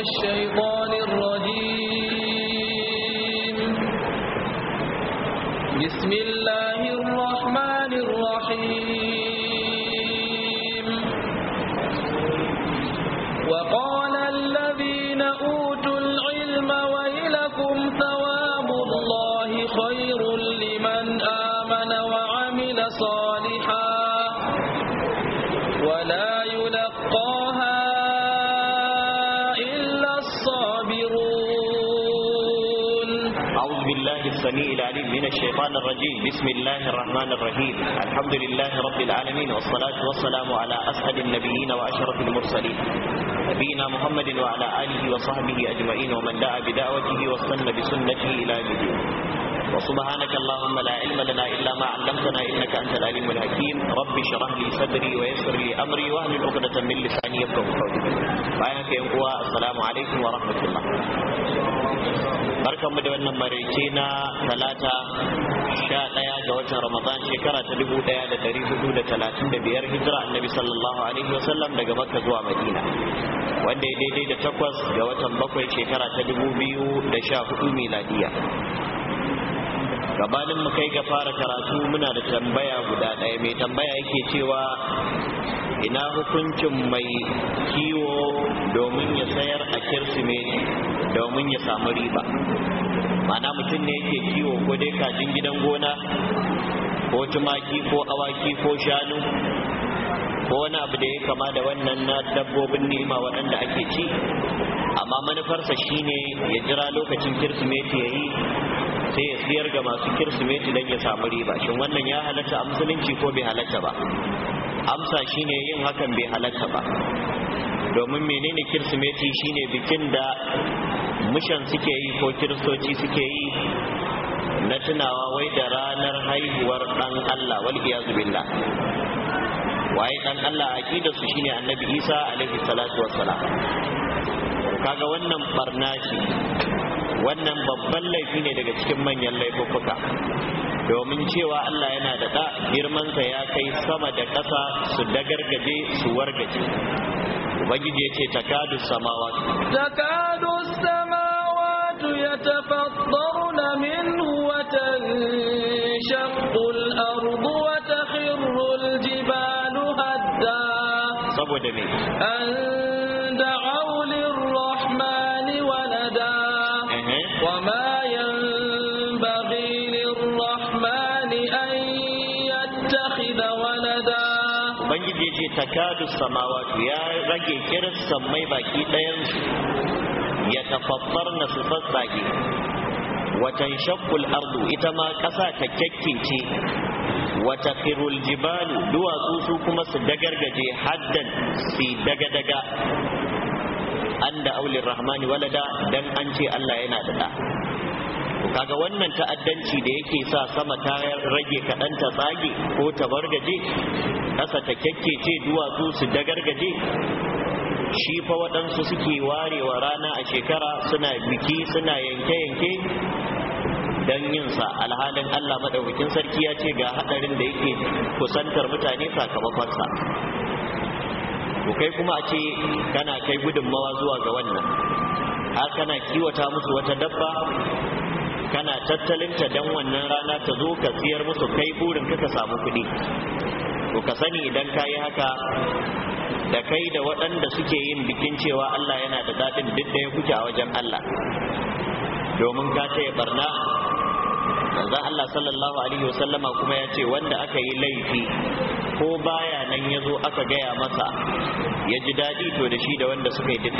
الشيطان من الشيطان الرجيم بسم الله الرحمن الرحيم الحمد لله رب العالمين والصلاة والسلام على أسعد النبيين وأشرف المرسلين نبينا محمد وعلى آله وصحبه أجمعين ومن دعا بدعوته واستنى بسنته إلى يوم الدين وسبحانك اللهم لا علم لنا إلا ما علمتنا إنك أنت العليم الحكيم رب اشرح لي صدري ويسر لي أمري واهل عقدة من لساني يفقه قولي بيانك يا السلام عليكم ورحمة الله barkan mu da wannan maraice na talata sha ɗaya ga watan ramadan shekara ta dubu ɗaya da ɗari hudu da talatin da biyar hijira annabi sallallahu alaihi wasallam daga makka zuwa madina wanda ya daidai da takwas ga watan bakwai shekara ta dubu biyu da sha hudu miladiya gabanin mu kai ga fara karatu muna da tambaya guda ɗaya mai tambaya yake cewa ina hukuncin mai kiwo domin ya sayar a kirsimeti domin ya samu riba mana mutum ne yake kiwo ko dai kajin gidan gona ko tumaki ko awaki ko shanu ko wani abu da ya kama da wannan na dabbobin nema waɗanda ake ci amma manufarsa shine ya jira lokacin kirsimeti ya yi sai ya siyar ga masu kirsimeti don ya samu riba shin wannan ya halatta a musulunci ko bai halatta ba amsa shine yin hakan bai halatta ba domin menene kirsimeti shine bikin da mushan suke yi ko kiristoci suke yi na tunawa wai da ranar haihuwar dan Allah wal iyazu billah waye dan Allah aqida su shine annabi Isa alaihi salatu wassalam kaga wannan barna wannan babban laifi ne daga cikin manyan laifuka, domin cewa Allah yana da ɗa girmansa ya kai sama da ƙasa su dagargaje su wargaje ubangiji ya ce takadu samawatu takadu samawatu ya tafattaruna minhu min watan al-ardu wa takhirru jibalu hadda saboda me an da'a takadu samawatu ya rage kirin sammai baki ɗayansu ya tafaffar na su tsatsage watan shakkul ardu ita ma ƙasa ta kyakkince wata firul jibalu duwatsu su kuma su dagargaje haddan su daga-daga an da aulin rahmani walada dan an ce allah yana da kaga wannan ta'addanci da yake sa sama ta rage kaɗan ta tsage ko ta bargaje ƙasa ta kyakkece duwatsu su dagargaje shi fa waɗansu suke warewa rana a shekara suna biki suna yanke-yanke don sa alhalin Allah maɗaukakin sarki ya ce ga haɗarin da yake kusantar mutane sakamakonsa Ko kai kuma a ce kana kai gudunmawa zuwa ga wannan har kana kiwata musu wata dabba kana tattalin ta dan wannan rana ta zo ka siyar musu kai burin ka ka samu kuɗi to ka sani idan ka yi haka da kai da waɗanda suke yin bikin cewa Allah yana da daɗin duk da ya kuke a wajen Allah domin ka taya barna manzon Allah sallallahu alaihi wasallama kuma ya ce wanda aka yi laifi ko baya nan ya zo aka gaya masa ya ji daɗi to da shi da wanda suka yi duk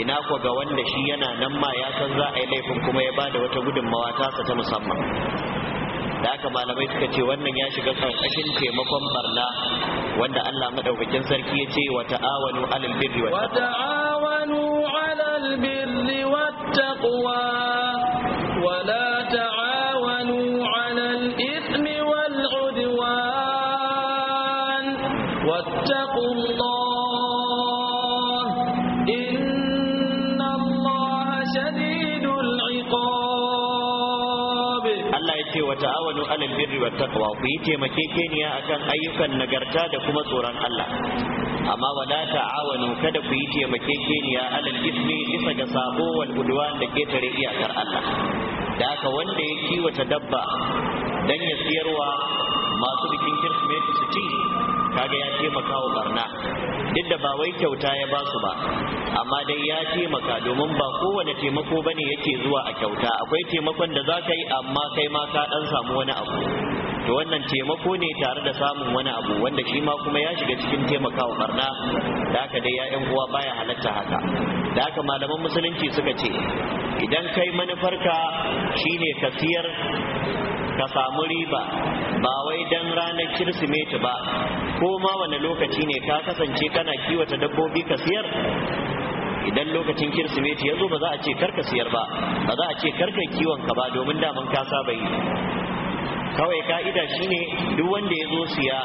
ina ku ga wanda shi yana nan ma ya san za a yi laifin kuma ya bada wata gudunmawa tasa ta musamman da aka malamai suka ce wannan ya shiga karkashin taimakon barna wanda Allah madaukakin sarki ya ce wa ta'awanu alal birri wa ta'awanu alal birri wattaqwa wa taqwa ku yi taimakekeniya akan ayyukan nagarta da kuma tsoron Allah amma wala ta'awanu kada ku yi taimakekeniya alal ismi bisa ga sabo wal udwan da ketare iyakar Allah da haka wanda ya kiwata dabba dan ya siyarwa masu bikin kirsimeti su ci kaga ya taimaka wa barna duk da ba wai kyauta ya ba su ba amma dai ya taimaka domin ba kowane taimako bane yake zuwa a kyauta akwai taimakon da za ka yi amma kai ma ka dan samu wani abu to wannan taimako ne tare da samun wani abu wanda shi ma kuma ya shiga cikin taimakawa barna da aka dai ya'yan uwa baya halatta haka da aka malaman musulunci suka ce idan kai manufarka shine ka siyar ka samu riba ba wai dan ranar kirsimeti ba ko ma wani lokaci ne ka kasance kana kiwata dabbobi ka siyar idan lokacin kirsimeti ya zo ba za a ce karka siyar ba ba za a ce karka kiwon ka ba domin daman kasa bai yi kawai ka'ida shi ne duk wanda ya zo siya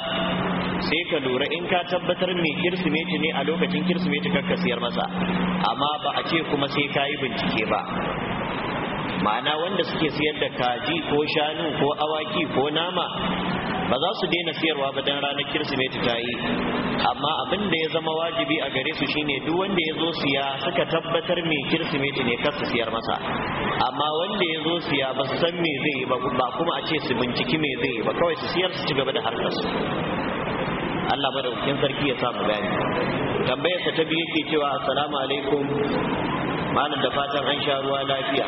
sai ka lura in ka tabbatar mai kirsimeti ne a lokacin kirsimeti kakka siyar masa amma ba a ce kuma sai ka yi bincike ba ma'ana wanda suke siyar da kaji ko shanu ko awaki ko nama ba za su daina siyarwa ba dan ranar kirsimeti ta yi amma abin da ya zama wajibi a gare su shine duk wanda ya zo siya suka tabbatar me kirsimeti ne kar su siyar masa amma wanda ya zo siya ba su san me zai yi ba kuma a ce su binciki me zai ba kawai su siyar su ci gaba da harkar su Allah madaukakin sarki ya samu gani Tambayar ta biyu yake cewa assalamu alaikum malam da fatan an sha ruwa lafiya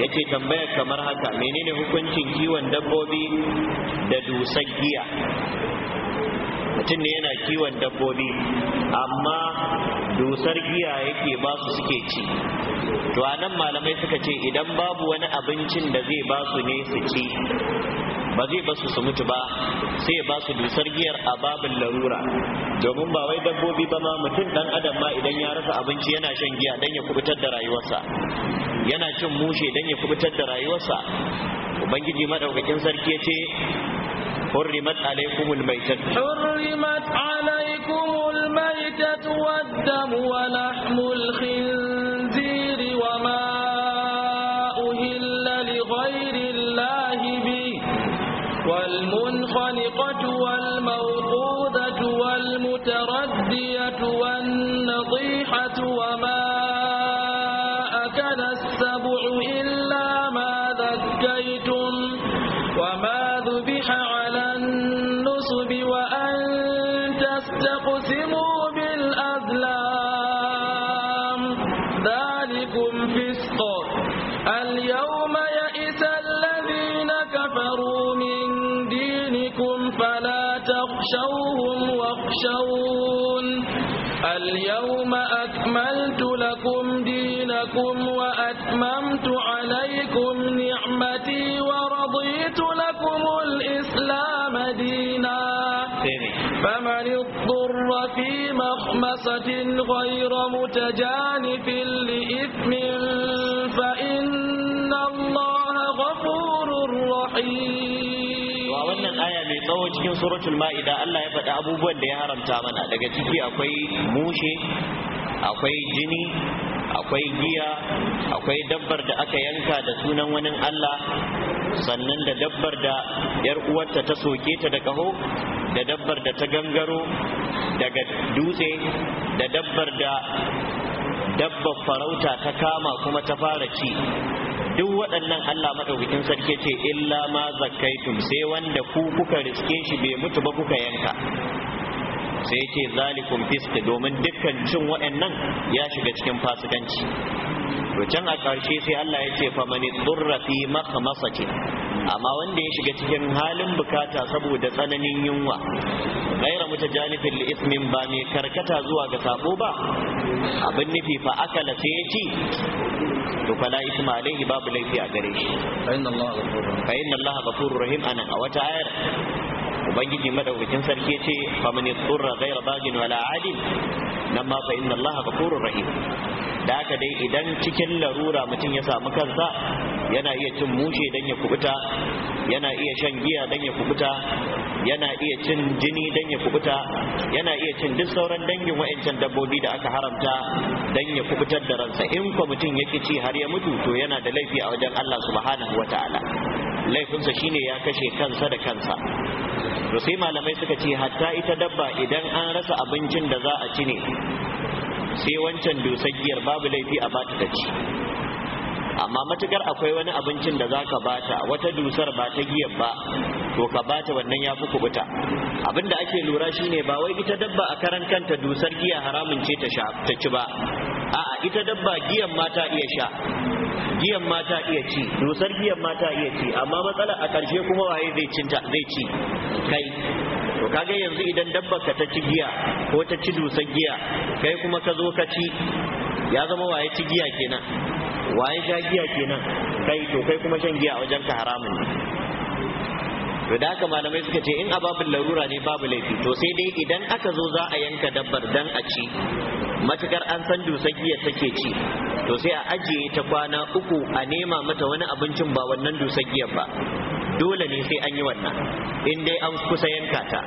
yace tambayar kamar haka menene hukuncin kiwon dabbobi da dusar giya mutum ne yana kiwon dabbobi amma dusar giya yake ba su suke ci to a malamai suka ce idan babu wani abincin da zai ba su ne su ci ba zai basu su mutu ba sai ya ba dusar giyar a babin larura domin ba wai dabbobi ba ma mutum dan adam ma idan ya rasa abinci yana shan giya dan ya kubutar da rayuwarsa yana cin mushe dan ya kubutar da rayuwarsa ubangiji madaukakin sarki yace ce حرمت عليكم الميتة حرمت عليكم الميتة والدم ولحم الخ مخمصة غير متجانف لإثم فإن الله غفور رحيم wannan aya mai tsawo cikin suratul ma'ida Allah ya faɗi abubuwan da ya haramta mana daga ciki akwai mushe akwai jini akwai giya akwai dabbar da aka yanka da sunan wani Allah sannan da dabbar da yar uwarta ta soke ta da kaho da dabbar da ta gangaro daga dutse da dabbar da dabbar farauta ta kama kuma ta fara ci duk waɗannan Allah maɗaukakin sarki ce illa ma zakkaitum sai wanda ku kuka riske shi bai mutu ba kuka yanka sai ce zalikum fisk domin dukkan cin waɗannan ya shiga cikin fasikanci to can a ƙarshe sai Allah ya ce fa mani durra fi makhmasati amma wanda ya shiga cikin halin bukata saboda tsananin yunwa gaira mutajanifin li ismin ba mai karkata zuwa ga sabo ba abin nufi fa akala sai ya ci to la isma alaihi babu laifi a gare shi fa inna allaha ghafurur rahim anan a wata ayar ubangiji madaukakin sarki ce fa man yusra ghayra bagin wala adin nan ma fa inna allaha ghafurur rahim da haka dai idan cikin larura mutum ya samu kansa yana iya cin mushe dan ya kubuta yana iya shan giya dan ya kubuta yana iya cin jini dan ya kubuta yana iya cin duk sauran dangin wa'ancan dabbobi da aka haramta dan ya kubutar da ransa in ko mutum yake ci har ya mutu to yana da laifi a wajen Allah subhanahu wataala laifinsa shine ya kashe kansa da kansa to sai malamai suka ce hatta ita dabba idan an rasa abincin da za a ci ne sai wancan dusar babu laifi a bata ta ci amma matukar akwai wani abincin da za zaka bata wata dusar ba ta giyar ba to ka bata wannan ya fi kubuta abinda ake lura shine ba wai ita dabba a karan kanta dusar giya haramun ce ta ci ba a'a ita dabba giyan ma ta iya sha giyan ma iya ci dusar giyan ma ta iya ci amma matsala a karshe kuma waye zai cinta zai ci kai to kaga yanzu idan dabba ka ta ci giya ko ta ci dusar giya kai kuma ka zo ka ci ya zama waye ci giya kenan waye sha giya kenan kai to kai kuma shan giya a wajen ka haramun ne to da haka malamai suka ce in ababin larura ne babu laifi to sai dai idan aka zo za a yanka dabbar dan a ci matukar an san dusar giya take ci to sai a ajiye ta kwana uku a nema mata wani abincin ba wannan dusar giyar ba dole ne sai an yi wannan in dai an kusa yanka ta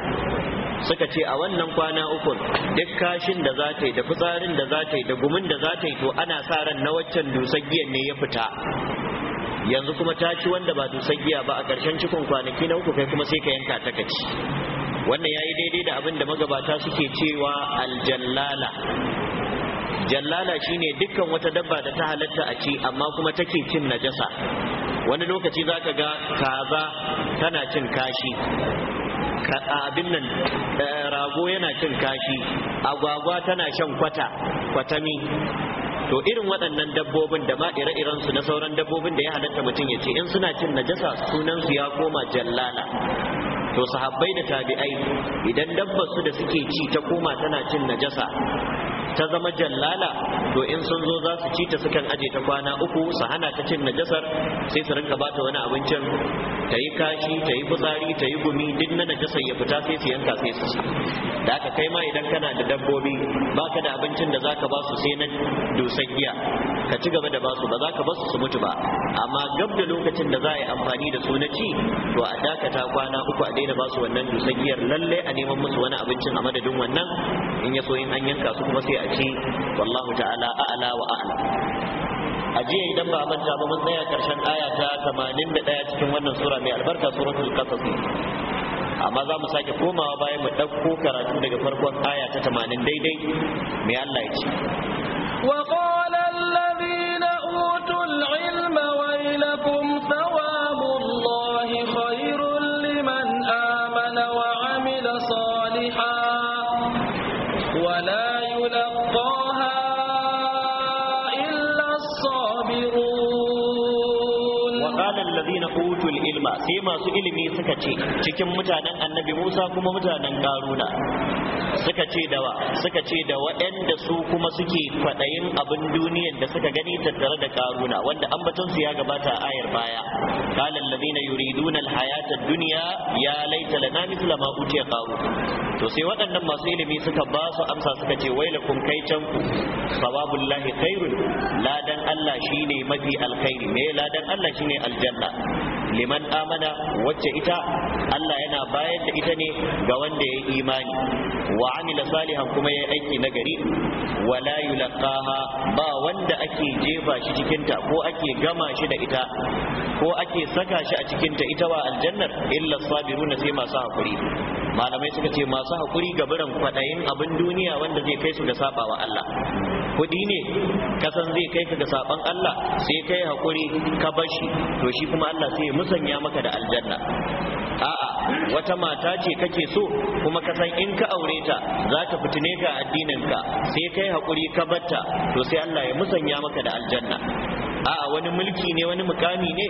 suka ce a wannan kwana ukun duk kashin da za ta yi da fitsarin da za ta yi da gumin da za ta yi to ana sa ran na waccan dusar giyan ne ya fita yanzu kuma ta ci wanda ba dusar giya ba a ƙarshen cikon kwanaki na uku kai kuma sai ka yanka ta kaci. wannan yayi daidai da abin da magabata suke cewa aljallala jallala shine dukkan wata dabba da ta halatta a ci amma kuma take cin najasa wani lokaci zaka ga kaza tana cin kashi abin nan eh, rago yana cin kashi agwagwa tana shan kwata kwatami to irin waɗannan dabbobin da ma ire-iren su na sauran dabbobin da ya halatta mutum ya ce in suna cin najasa sunan su ya koma jallala to sahabbai da tabi'ai idan dabbar su da suke ci ta koma tana cin najasa ta zama jallala to in sun zo za su ci ta sukan aje ta kwana uku su hana ta cin najasar sai su rinka bata wani abincin ta yi kashi ta yi fitsari ta yi gumi duk na najasar ya fita sai su yanka sai su ci da aka kai ma idan kana da dabbobi baka da abincin da zaka ba su sai na dusan giya ka ci gaba da ba su ba za ka ba su su mutu ba amma gab da lokacin da za a yi amfani da su na ci to a dakata kwana uku a daina ba su wannan dusan giyar lalle a neman musu wani abincin a madadin wannan in ya so in an yanka su kuma sai ce wallahu ta'ala a'la wa a'la a jiya idan ba ta ba mun tsaya karshen aya ta 81 cikin wannan sura mai albarka suratul qasas amma za mu sake komawa bayan mu ɗauko karatu daga farkon aya ta 80 daidai mai Allah ya ce suka ce cikin mutanen annabi musa kuma mutanen karuna suka ce da suka ce da waɗanda su kuma suke kwaɗayin abin duniya da suka gani tattare da karuna wanda ambaton su ya gabata a ayar baya qala na yuri alhayata hayatar duniya ya laita lana mithla ma utiya karu to sai waɗannan masu ilimi suka ba su amsa suka ce Wai kai can ku sawabullahi khairun ladan Allah shine mafi alkhairi me ladan Allah shine aljanna liman amana wacce ita Allah yana bayar da ita ne ga wanda ya yi imani wa amila salihan kuma ya aiki nagari wala yulqaha ba wanda ake jefa shi cikin ta ko ake gama shi da ita ko ake saka shi a cikin ta ita ba aljannar illa sabiruna sai masu hakuri malamai suka ce masu hakuri biran kwadayin abin duniya wanda zai kai su ga sabawa Allah kuɗi ne kasan zai kai ka ga sabon Allah sai kai hakuri ka bashi to shi kuma Allah sai ya musanya maka da aljanna a'a wata mata ce kake so kuma ka san in ka aure ta za ta fitine ka addinin ka sai kai hakuri ka batta to sai Allah ya musanya maka da aljanna a'a wani mulki ne wani mukami ne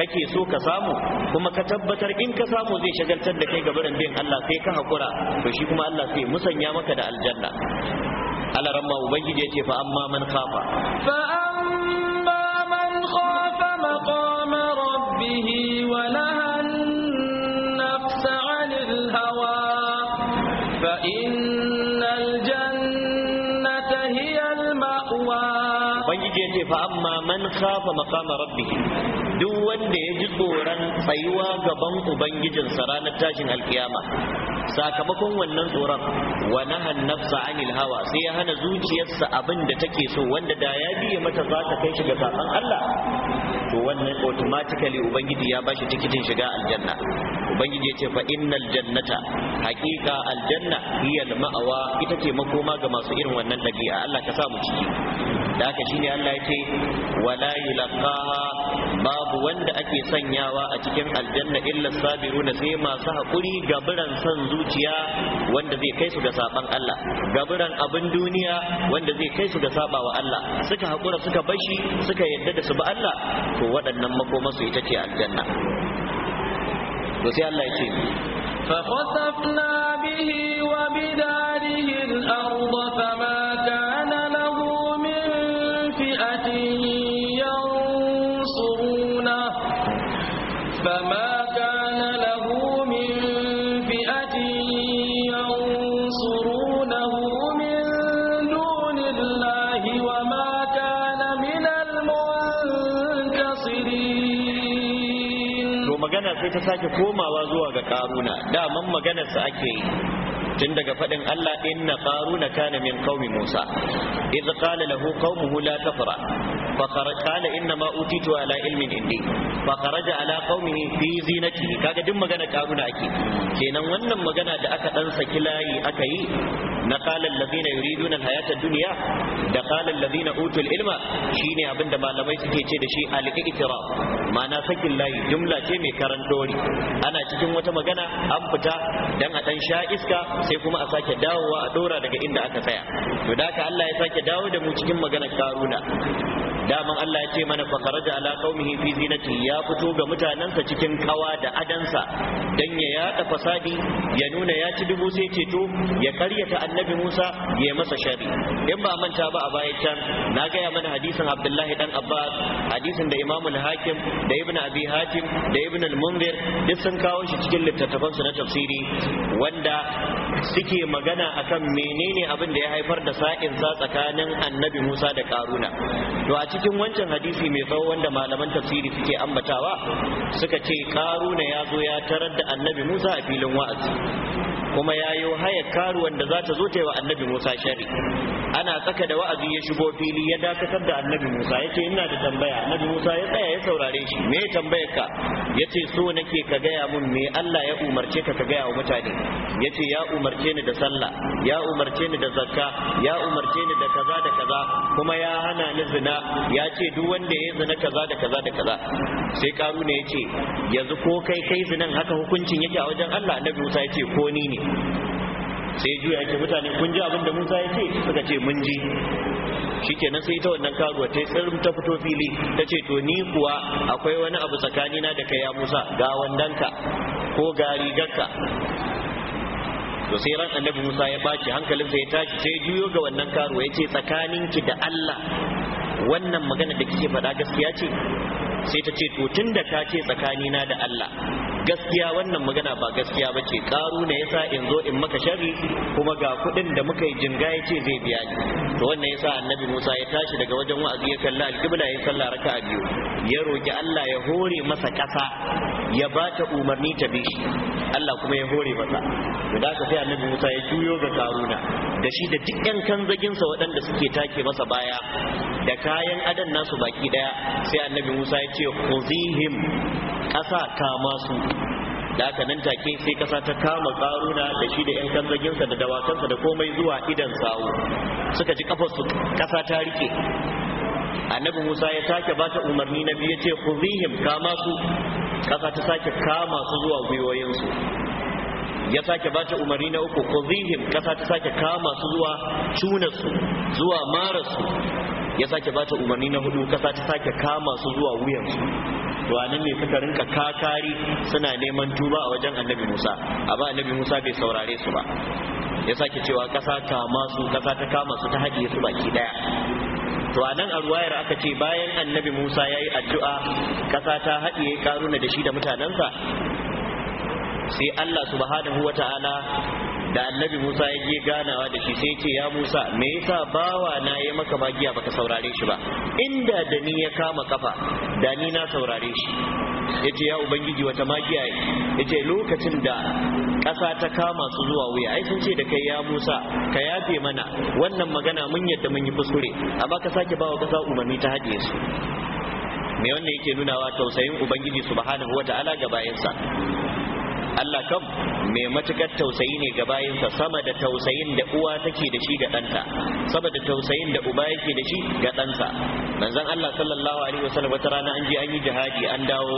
kake so ka samu kuma ka tabbatar in ka samu zai shagaltar da kai ga barin bin Allah sai ka hakura to shi kuma Allah sai ya musanya maka da aljanna ala ramma ubangiji ya ce fa amma man khafa fa amma man khafa maqama rabbih wa laha an-nafs 'anil hawa fa innal jannata hiya al-ma'wa ubangiji ya ce fa amma man khafa maqama rabbih duk wanda ya ji tsoron tsayuwa gaban ubangijinsa ranar tashin alkiyama sakamakon wannan tsoron wa nahan nafsa anil hawa sai ya hana zuciyarsa abin da take so wanda da ya biye mata za ta kai shi ga Allah to wannan automatically ubangiji ya bashi tikitin shiga aljanna ubangiji ya ce fa innal jannata haqiqa aljanna hiya ma'awa ita ce makoma ga masu irin wannan dabi'a Allah ka sa mu ciki da haka shine Allah ya ce wala yulqaha babu wanda ake sanyawa a cikin aljanna illa sabiruna sai masu haƙuri gaburan son zuciya wanda zai kai su ga saban Allah gaburan abin duniya wanda zai kai su ga sabawa Allah suka haƙura suka bashi suka yadda da su ba Allah to waɗannan makoma su ita ce aljanna to sai Allah ya ce fa khasafna bihi wa bidari magana sai ta sake komawa zuwa ga karuna daman maganarsa ake yi tun daga faɗin Allah inna qaruna kana min qaumi Musa idh qala lahu qaumuhu la tafra فخرج قال انما اوتيت على علم عندي فخرج على قومه في زينته kaga duk magana karuna ake kenan wannan magana da aka dan saki layi aka yi na qala na yuri alhayata ad duniya da qala na utul ilma shine abinda malamai suke ce da shi al-iqtira ma'ana sakin layi jumla ce mai karan ana cikin wata magana an fita dan a dan sha iska sai kuma a sake dawowa a ɗora daga inda aka tsaya to da haka Allah ya sake dawo da mu cikin maganar karuna daman Allah ya ce mana fa kharaja ala qaumihi fi zinati ya fito ga mutanensa cikin kawa da adansa dan ya yada fasadi ya nuna ya ci dubu sai ceto ya karyata annabi Musa ya masa shari in ba manta ba a baya can na gaya mana hadisin Abdullahi dan Abbas hadisin da Imam hakim da Ibn Abi Hatim da Ibn al-Munzir duk sun kawo shi cikin littattafansu na tafsiri wanda suke magana akan menene abin da ya haifar da sa'in sa tsakanin annabi Musa da Karuna to cikin wancan hadisi mai tsawo wanda malaman tafsiri suke ambatawa suka ce karuna ya zo ya tarar da annabi musa a filin wa'azi kuma ya yi hayar karuwan da za ta zo ta yi wa annabi musa shari ana tsaka da wa'azi ya shigo fili ya dakatar da annabi musa ya ce ina da tambaya annabi musa ya tsaya ya saurare shi me tambayar ka ya ce so nake ka gaya mun me allah ya umarce ka ka gaya wa mutane ya ce ya umarce ni da sallah ya umarce ni da zakka ya umarce ni da kaza da kaza kuma ya hana ni zina ya ce duk wanda ya zina kaza da kaza da kaza sai karu ne ya ce yanzu ko kai kai zinan haka hukuncin yake a wajen allah annabi musa ya ce ko ni ne sai ya juya yake mutane kun ji abin da musa ya ce suka ce mun ji shikenan sai ta wannan karuwa ta tsirin ta fito fili ta ce to ni kuwa akwai wani abu tsakanina da kai ya musa ga wandanka ko ga rigarka to sai ran annabi musa ya baci sai ya tashi sai juyo ga wannan karuwa ya ce tsakaninki da allah wannan magana da kike faɗa gaskiya ce sai ta ce to tun da ka ce tsakanina da allah gaskiya wannan magana ba gaskiya ba ce karu ne yasa in zo in maka sharri kuma ga kuɗin da muka yi jinga ya ce zai biya ni to wannan yasa annabi Musa ya tashi daga wajen wa'azi ya kalli alqibla ya sallah raka'a biyu ya roki Allah ya hore masa ƙasa ya ba ta umarni ta bi shi Allah kuma ya hore masa to da sai annabi Musa ya juyo ga karuna da shi da duk yan kanzaginsa waɗanda suke take masa baya da kayan adan nasu baki daya sai annabi Musa ya ce khuzihim ƙasa ta masu. da aka nan take sai kasa ta kama karuna da shi da yan kanzaginsa da dawakansa da komai zuwa idan sawu suka ji kafarsu kasa ta rike annabi musa ya sake ba ta umarni na biyu ce ku kama su kasa ta sake kama su zuwa gwiwoyinsu ya sake ba ta umarni na uku ko zihin kasa ta sake kama su zuwa su zuwa su. ya sake ba ta umarni na hudu kasa ta sake kama su zuwa su. to anan ne suka rinka kakari suna neman tuba a wajen annabi Musa a ba annabi Musa bai saurare su ba ya sake cewa kasa kama su kasa ta kama su ta haɗiye su baki ɗaya. to a nan a aka ce bayan annabi musa ya yi addu'a ƙasa ta haɗiye karuna da shi da mutanensa sai Allah subhanahu wa ta'ala da annabi Musa ya je ganawa da shi sai ce ya Musa me yasa bawa na ya maka magiya baka saurare shi ba inda da ni ya kama kafa da ni na saurare shi yace ya ubangiji wata magiya yace lokacin da ƙasa ta kama su zuwa wuya ai sun ce da kai ya Musa ka yafe mana wannan magana mun yadda mun yi kuskure amma ka sake bawa ƙasa umarni ta haɗe su me wannan yake nunawa tausayin ubangiji subhanahu wataala ga bayansa Allah kam mai matukar tausayi ne ga bayinsa sama da tausayin da uwa take da shi ga ɗanta sama da tausayin da uba yake da shi ga ɗansa manzon Allah sallallahu alaihi wasallam wata rana an je an yi jihadi an dawo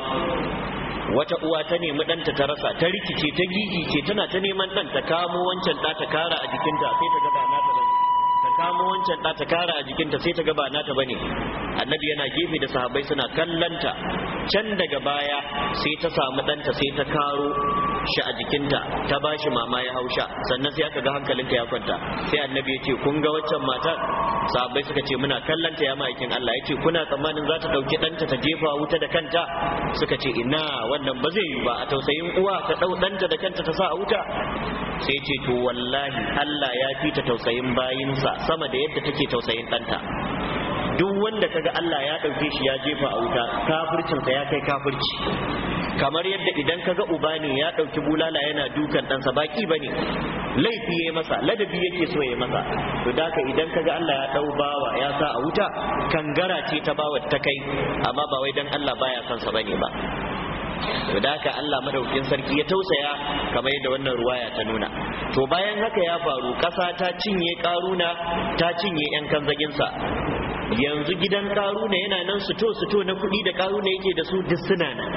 wata uwa ta nemi ɗanta ta rasa ta rikice ta gigice tana ta neman ɗanta kamo wancan ɗa ta kara a jikinta sai ta ga kamo wancan ta kara a jikinta sai ta gaba ba nata bane annabi yana gefe da sahabbai suna kallanta can daga baya sai ta samu ɗanta sai ta karo shi a jikinta ta bashi mama ya hausha sannan sai aka ga hankalinta ya kwanta sai annabi ya ce kun ga waccan matar sahabbai suka ce muna kallanta ya ma'aikin Allah ya ce kuna tsammanin za ta ɗauki ɗanta ta jefa wuta da kanta suka ce ina wannan ba zai yi ba a tausayin uwa ta ɗau ɗanta da kanta ta sa a wuta sai ce to wallahi Allah ya fita tausayin bayinsa sama da yadda take tausayin ɗanta duk wanda kaga Allah ya ɗauke shi ya jefa a wuta kafircinsa ya kai kafirci kamar yadda idan kaga uba ne ya ɗauki bulala yana dukan ɗansa baki ba ne laifi ya masa ladabi yake so ya masa to daka idan kaga Allah ya ɗau bawa ya sa a wuta kangara ce ta bawa ta kai amma ba wai dan Allah baya son sa bane ba da haka Allah madaukin sarki ya tausaya kamar yadda wannan ruwaya ta nuna to bayan haka ya faru ƙasa ta cinye karuna ta cinye yan kanzaginsa yanzu gidan karuna yana nan suto suto na kuɗi da karuna yake da su duk suna nan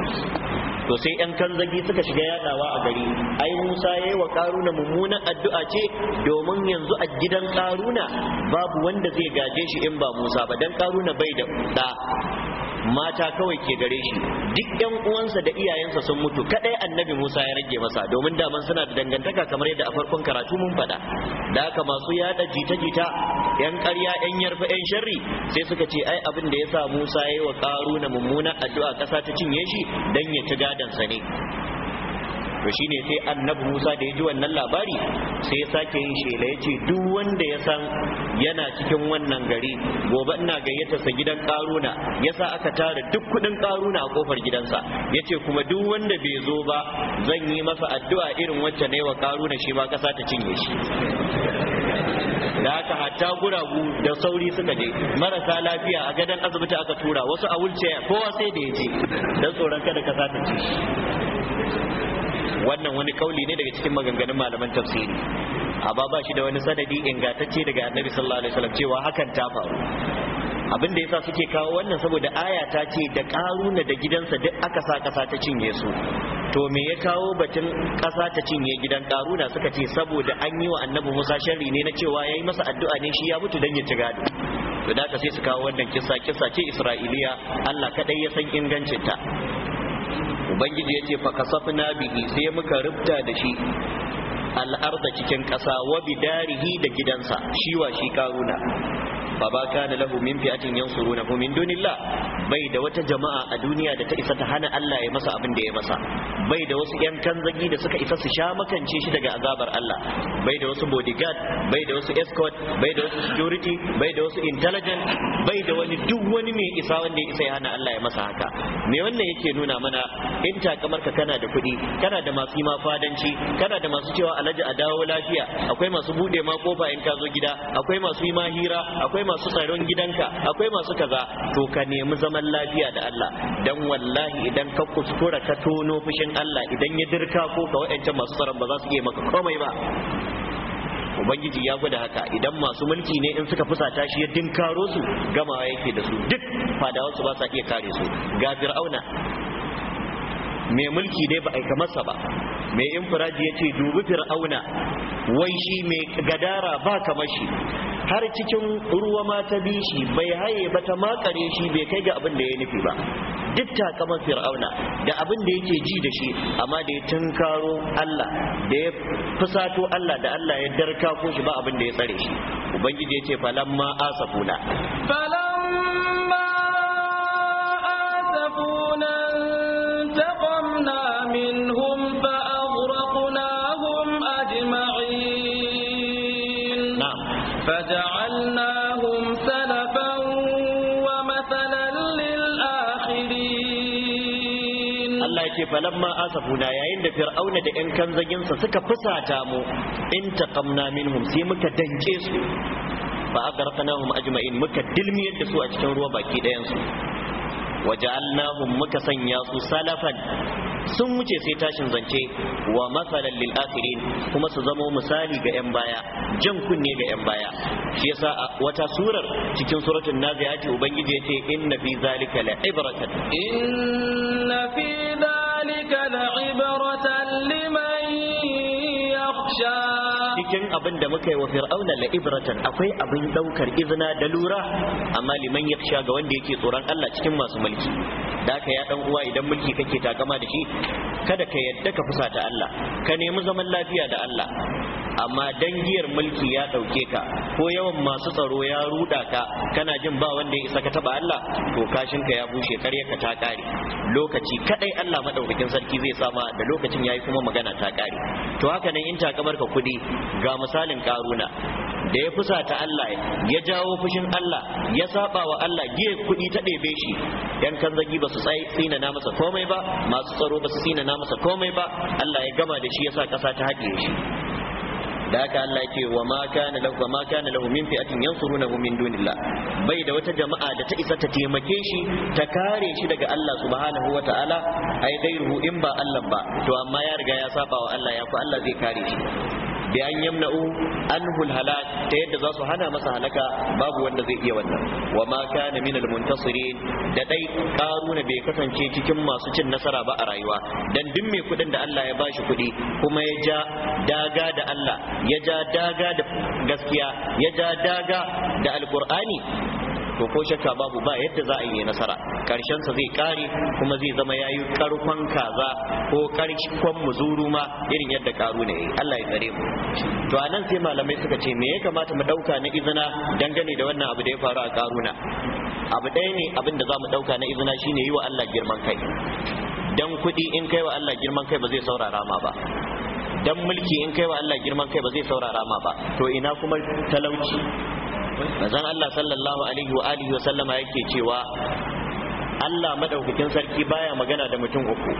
to sai yan kanzagi suka shiga yadawa a gari ai Musa yayi wa Karuna mummunan addu'a ce domin yanzu a gidan Karuna babu wanda zai gaje shi in ba Musa ba dan Karuna bai da da mata kawai ke gare shi duk yan uwansa da iyayensa sun mutu kadai annabi Musa ya rage masa domin daman suna da dangantaka kamar yadda a farkon karatu mun faɗa da haka masu yada jita-jita yan ƙarya yan yarfa yan sharri sai suka ce ai abin da sa Musa ya yi wa na mummuna addu'a ƙasa ta cinye shi dan ya ci gadansa ne to shine sai annabi Musa da ya ji wannan labari sai ya sake yin shela ya ce duk wanda ya san yana cikin wannan gari gobe ina gayyata sa gidan karuna yasa aka tara duk kudin karuna a kofar gidansa yace kuma duk wanda bai zo ba zan yi masa addu'a irin wacce ne wa karuna shi ma kasa ta cinye shi da haka hatta guragu da sauri suka je marasa lafiya a gadon asibiti aka tura wasu a wulce kowa sai da ya ce don tsoron kada ka sata ci wannan wani kauli ne daga cikin maganganun malaman tafsiri amma ba shi da wani sanadi ingantacce daga annabi sallallahu alaihi wasallam cewa hakan ta faru abin da yasa suke kawo wannan saboda aya ta ce da karuna da gidansa duk aka sa kasa ta cinye su to me ya kawo batun kasa ta cinye gidan karuna suka ce saboda an yi wa annabi musa sharri ne na cewa ya yi masa addu'a ne shi ya mutu dan ya ci gado to da sai su kawo wannan kisa-kisa ce isra'iliya Allah kadai ya san ingancinta ubangiji yace fa kasafna bihi sai muka rubta da shi al'arda cikin ƙasa wa bidarihi da gidansa shi wa shi karuna Baba ba kana lahu min fi'atin yansurunahu min dunillah bai da wata jama'a a duniya da ta isa ta hana Allah ya masa abin da ya masa bai da wasu yan kanzagi da suka isa su sha makance shi daga azabar Allah bai da wasu bodyguard bai da wasu escort bai da wasu security bai da wasu intelligence bai da wani duk wani mai isa wanda ya isa ya hana Allah ya masa haka me wannan yake nuna mana in takamar ka kana da kuɗi kana da masu ma fadanci kana da masu cewa alaji a dawo lafiya akwai masu bude ma kofa in ka zo gida akwai masu yi ma hira akwai masu tsaron gidanka akwai masu kaza to ka nemi zama zaman lafiya da Allah dan wallahi idan ka kuskura ka tono fushin Allah idan ya dirka ko ka wayance masu tsaron ba za su iya maka komai ba ubangiji ya gwada haka idan masu mulki ne in suka fusata shi ya dinkaro su gamawa yake da su duk fadawansu ba sa iya kare su ga fir'auna mai mulki dai ba aika masa ba mai infiraji ya ce dubi fir'auna wai shi mai gadara ba kamar shi har cikin ruwa ma ta bi shi bai haye ba ta makare shi bai kai ga abin da ya nufi ba duk takamar fir'auna da abin da yake ji da shi amma da ya tunkaro Allah da ya fusato Allah da Allah ya darka ko shi ba abin da ya tsare shi ubangiji ya ce falamma asafuna falamma فانتقمنا منهم فأغرقناهم أجمعين نعم فجعلناهم سلفا ومثلا للآخرين الله يكي فلما آسفنا يا عند فرعون دي إن كان زجنسا سكا فساتامو انتقمنا منهم سيمك دنجيسو fa aqraqnahum ajma'in muka dilmiyar da su a cikin ruwa baki ɗayan su waja'alnahum muka sanya su salafan sun wuce sai tashin zance wa masalan lil akhirin kuma su zamo misali ga yan baya jan kunne ga yan baya shi yasa wata surar cikin suratul naziati ubangiji yace inna fi zalika la ibratan inna fi cikin abin da muka yi wa fir'auna la ibratan akwai abin daukar izina da lura amma liman ya yakhsha ga wanda yake tsoron Allah cikin masu mulki da ka ya dan uwa idan mulki kake takama da shi kada ka yadda ka fusata Allah ka nemi zaman lafiya da Allah amma dangiyar mulki ya ɗauke ka ko yawan masu tsaro ya ruda ka kana jin ba wanda ya isa ka taba Allah to kashin ka ya bushe karya ka ta kare lokaci kadai Allah madaukakin sarki zai sama da lokacin yayi kuma magana ta kare to haka nan in takamar ka kuɗi ga misalin karuna da ya fusata Allah ya jawo fushin Allah ya saba wa Allah giye kuɗi ta ɗebe shi yan kanzagi ba su tsina na masa komai ba masu tsaro ba su tsina na masa komai ba Allah ya gama da shi ya sa ƙasa ta haɗe shi da haka Allah yake wa ma kana lahu wa ma kana lahu min fi'atin yansurunahu min dunillah bai da wata jama'a da ta isa ta taimake shi ta kare shi daga Allah subhanahu wata'ala ai gairuhu in ba Allah ba to amma ya riga ya saba wa Allah ya ku Allah zai kare shi bi yamna'u anhu halak ta yadda za su hana masa halaka babu wanda zai iya wannan wa ma kana min Muntasirin da dai karuna bai kasance cikin masu cin nasara ba a rayuwa dan duk mai kudin da Allah ya bashi kudi kuma ya ja daga da Allah ya ja daga da gaskiya ya ja daga da alqur'ani to ko shakka babu ba yadda za a yi nasara karshen sa zai kare kuma zai zama yayi karfan kaza ko karkon muzuru ma irin yadda karu ne Allah ya tsare mu to anan sai malamai suka ce me ya kamata mu dauka na izina dangane da wannan abu da ya faru a karuna abu ɗaya ne abin da za mu ɗauka na izina shine yi wa Allah girman kai dan kuɗi in kai wa Allah girman kai ba zai saurara ma ba dan mulki in kai wa Allah girman kai ba zai saurara ma ba to ina kuma talauci manzon Allah sallallahu alaihi wa alihi wa sallama yake cewa Allah madaukakin sarki baya magana da mutum uku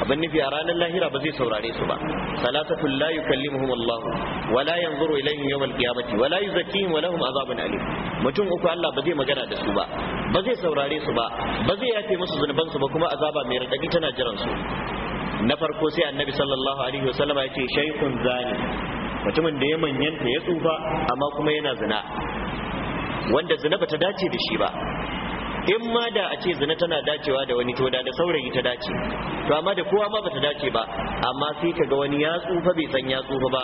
abin nufi a ranar lahira ba zai saurare su ba salatatun la yukallimuhum Allah wa la yanzuru ilaihim yawmal qiyamati wa la yuzakkihim wa lahum azabun alim mutum uku Allah ba zai magana da su ba ba zai saurare su ba ba zai yafe musu zunuban su ba kuma azaba mai radadi tana jiran su na farko sai annabi sallallahu alaihi wasallama ya ce shaykhun zani mutumin da ya manyanta ya tsufa amma kuma yana zina wanda zina bata dace da shi ba in ma da a ce zina tana dacewa da wani to da da saurayi ta dace to amma da kowa ma bata dace ba amma sai kaga wani ya tsufa bai san ya tsufa ba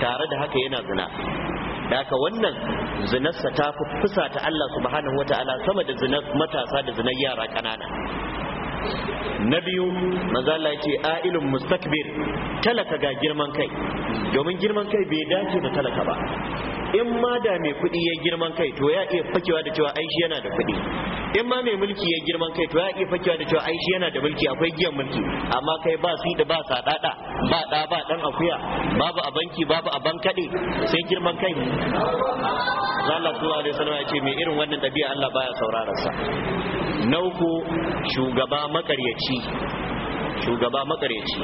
tare da haka yana zina da haka wannan zinarsa ta fi fusa ta Allah subhanahu ta'ala sama da zinar matasa da zinar yara ƙanana na biyu mazala ce ailun mustakbir talaka ga girman kai domin girman kai bai dace da talaka ba in ma da mai kuɗi ya girman kai to ya iya fakewa da cewa aishi yana da kuɗi in ma mai mulki ya girman kai to ya iya fakewa da cewa ai shi yana da mulki akwai giyan mulki amma kai ba su da ba dada ba da ba dan akuya babu a banki babu a bankade sai girman kai Allah sallallahu alaihi wasallam ya ce mai irin wannan dabi'a Allah baya sauraron sa na uku shugaba makaryaci shugaba makaryaci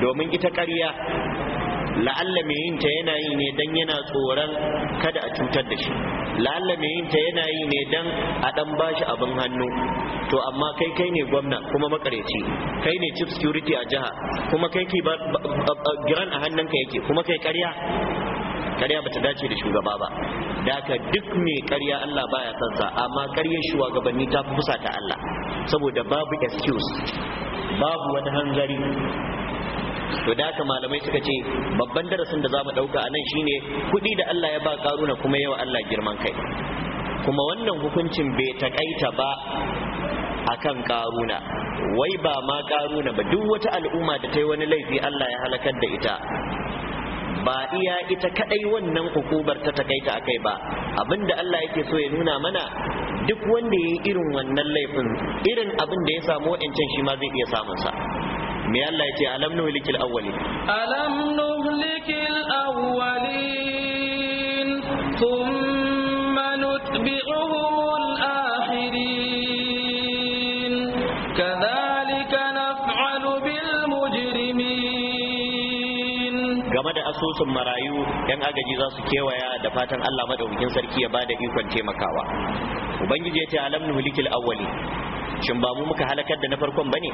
domin ita ƙarya la'alla mai yin ta yana yi ne dan yana tsoron kada a cutar da shi la'alla mai yin ta yana yi ne dan a dan bashi abin hannu to amma kai kai ne gwamna kuma makareci kai ne chief security a jiha kuma kai ke giran a hannunka yake kuma kai karya karya bata dace da shugaba ba da ka duk mai karya Allah baya sansa, amma karyar shugabanni ta fi fusa ta Allah saboda babu excuse babu wani hanzari to da haka malamai suka ce babban darasin da za mu ɗauka a nan shine kuɗi da Allah ya ba karuna kuma yawa Allah girman kai kuma wannan hukuncin bai takaita ba akan karuna wai ba ma karuna ba duk wata al'umma da ta yi wani laifi Allah ya halakar da ita ba iya ita kadai wannan hukubar ta takaita kai ba abinda Allah yake so ya nuna mana duk wanda ya yi irin wannan laifin irin abin da ya samu wa'ancan shi ma zai iya samunsa me Allah ya ce alam nuhlikil awwalin alam nuhlikil awwalin thumma nutbi'uhum al-akhirin kadhalika naf'alu bil mujrimin game da asusun marayu yan agaji za su kewaya da fatan Allah madaukakin sarki ya bada ikon taimakawa ubangiji ya ce alam nuhlikil awwalin shin ba mu muka halakar da na farkon bane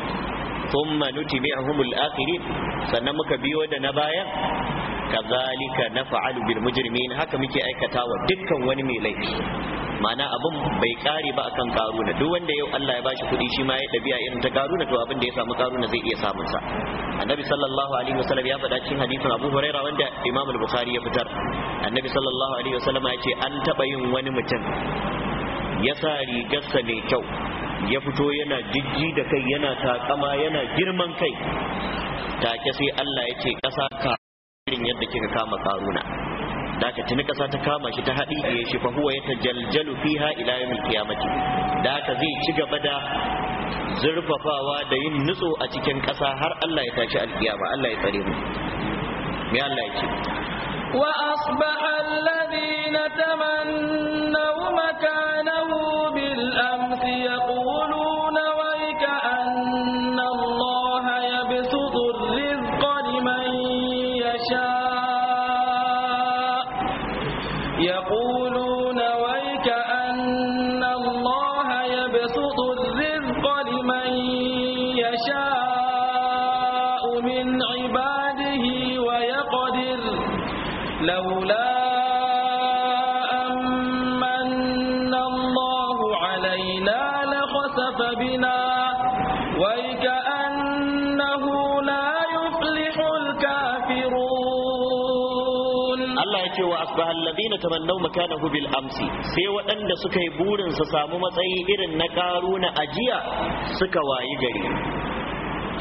a humul akhirin sannan muka biyo da na baya kazalika fa'alu bil mujrimin haka muke aikata wa dukkan wani mai laifi ma'ana abin bai kare ba akan karuna duk wanda yau Allah ya bashi kuɗi shi ma ya dabi'a irin ta karuna to abin da ya samu karuna zai iya samun sa annabi sallallahu alaihi wasallam ya faɗa cikin hadisin Abu Huraira wanda Imam al-Bukhari ya fitar annabi sallallahu alaihi wasallam ya ce an taɓa yin wani mutum ya sa rigarsa mai kyau ya fito yana jijji da kai yana takama yana girman kai take sai Allah ya ce ƙasa ka irin yadda kika kama karuna da ka tuni ƙasa ta kama shi ta haɗi ya shi fa huwa ya jaljalu fiha ila yawmil qiyamati da ka zai ci gaba da zurfafawa da yin nutso a cikin ƙasa har Allah ya tashi alƙiyama Allah ya tsare mu me Allah ya ce wa asbaha alladhina tamannaw makanahu bil amsi yaqul na tamannau makanahu bil amsi sai waɗanda suka yi burin su samu matsayi irin na na ajiya suka wayi gari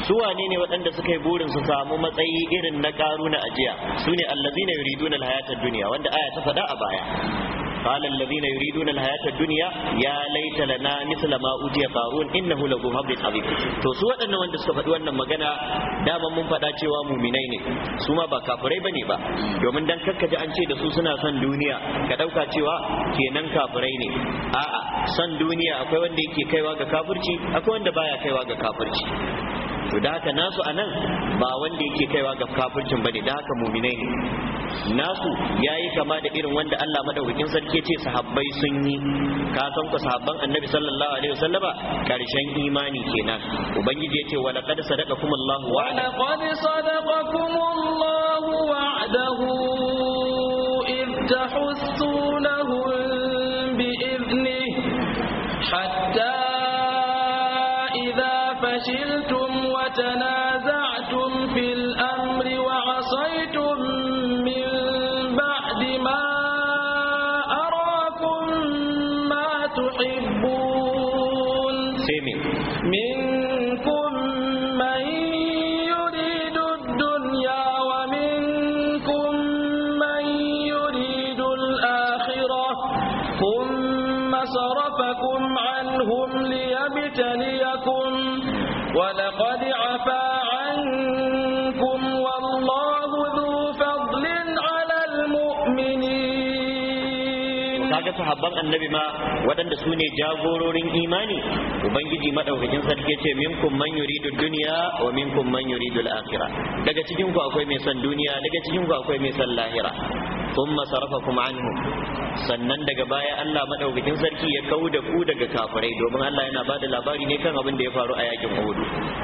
su wane ne waɗanda suka yi burin su samu matsayi irin na na ajiya su ne allazina yuriduna alhayatad duniya wanda aya ta faɗa a baya قال الذين يريدون الحياة الدنيا يا ليت لنا مثل ما أوتي قارون إنه لذو حظ عظيم to su waɗannan wanda suka faɗi wannan magana daman mun faɗa cewa muminai ne su ma ba kafirai bane ba domin dan ji an ce da su suna son duniya ka ɗauka cewa kenan kafirai ne a'a son duniya akwai wanda yake kaiwa ga kafirci akwai wanda baya kaiwa ga kafirci to da haka nasu a nan ba wanda yake kaiwa ga kafircin ne da haka muminai ne nasu ya yi kama da irin wanda Allah madaukakin sarki ce sahabbai sun yi ka san ku sahabban annabi sallallahu alaihi wasallama karshen imani kenan ubangiji yace wa laqad sadaqakum Allah wa laqad sadaqakum Allah wa'dahu idh sahabban annabi ma waɗanda su ne jagororin imani ubangiji madaukakin sarki ce minkum man yuridu dunya wa minkum man yuridu al-akhirah daga cikin ku akwai mai son duniya daga cikin ku akwai mai son lahira thumma sarafakum anhu? sannan daga baya Allah madaukakin sarki ya da ku daga kafirai domin Allah yana ba da labari ne kan abin da ya faru a yakin Uhud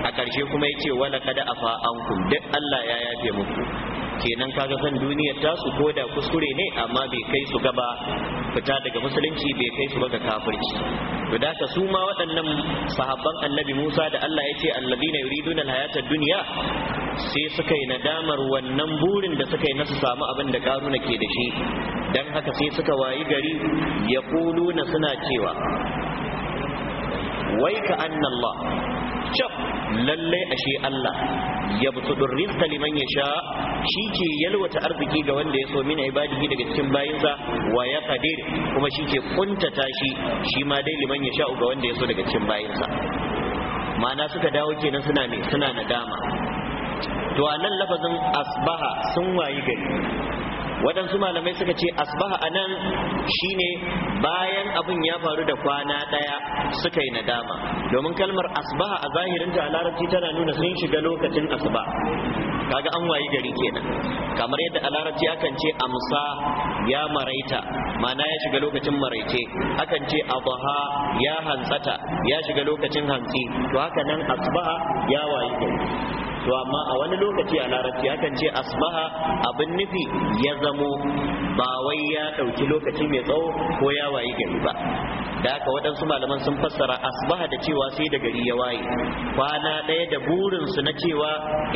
a ƙarshe kuma yace wala kada afa ankum duk Allah ya yafe muku kenan kaga san duniyar tasu ko da kuskure ne amma bai kai su gaba fita daga musulunci bai kai su ba ga kafirci to da ka su ma waɗannan sahabban annabi Musa da Allah ya ce alladina yuriduna alhayata duniya, sai suka yi nadamar wannan burin da suka yi na su samu abin da karuna ke da shi dan haka sai suka wayi gari ya na suna cewa wai ka annan cap Lallai ashe Allah ya butudur rizqa liman yasha shi ke yalwata arziki ga wanda ya so min ibadihi daga cikin bayinsa wa ya qadir kuma shi ke kuntata shi shi ma dai liman yasha ga wanda ya so daga cikin bayinsa ma'ana suka dawo kenan suna ne suna nadama to a nan lafazin asbaha sun wayi gari waɗansu malamai suka ce asbaha anan shine bayan abin ya faru da kwana ɗaya suka yi nadama domin kalmar asbaha a zahirinta ta larabci tana nuna sun shiga lokacin asuba kaga an wayi gari kenan kamar yadda a larabci akan ce amsa ya maraita mana ya shiga lokacin maraice akan ce abaha ya hantsata ya shiga lokacin hantsi to haka nan asbaha ya wayi gari to amma a wani lokaci a larabci akan ce asbaha abin nufi ya zamo ba wai ya ɗauki lokaci mai tsawo ko ya wayi gari ba da haka waɗansu malaman sun fassara asbaha da cewa sai da gari ya waye kwana ɗaya da burinsu na cewa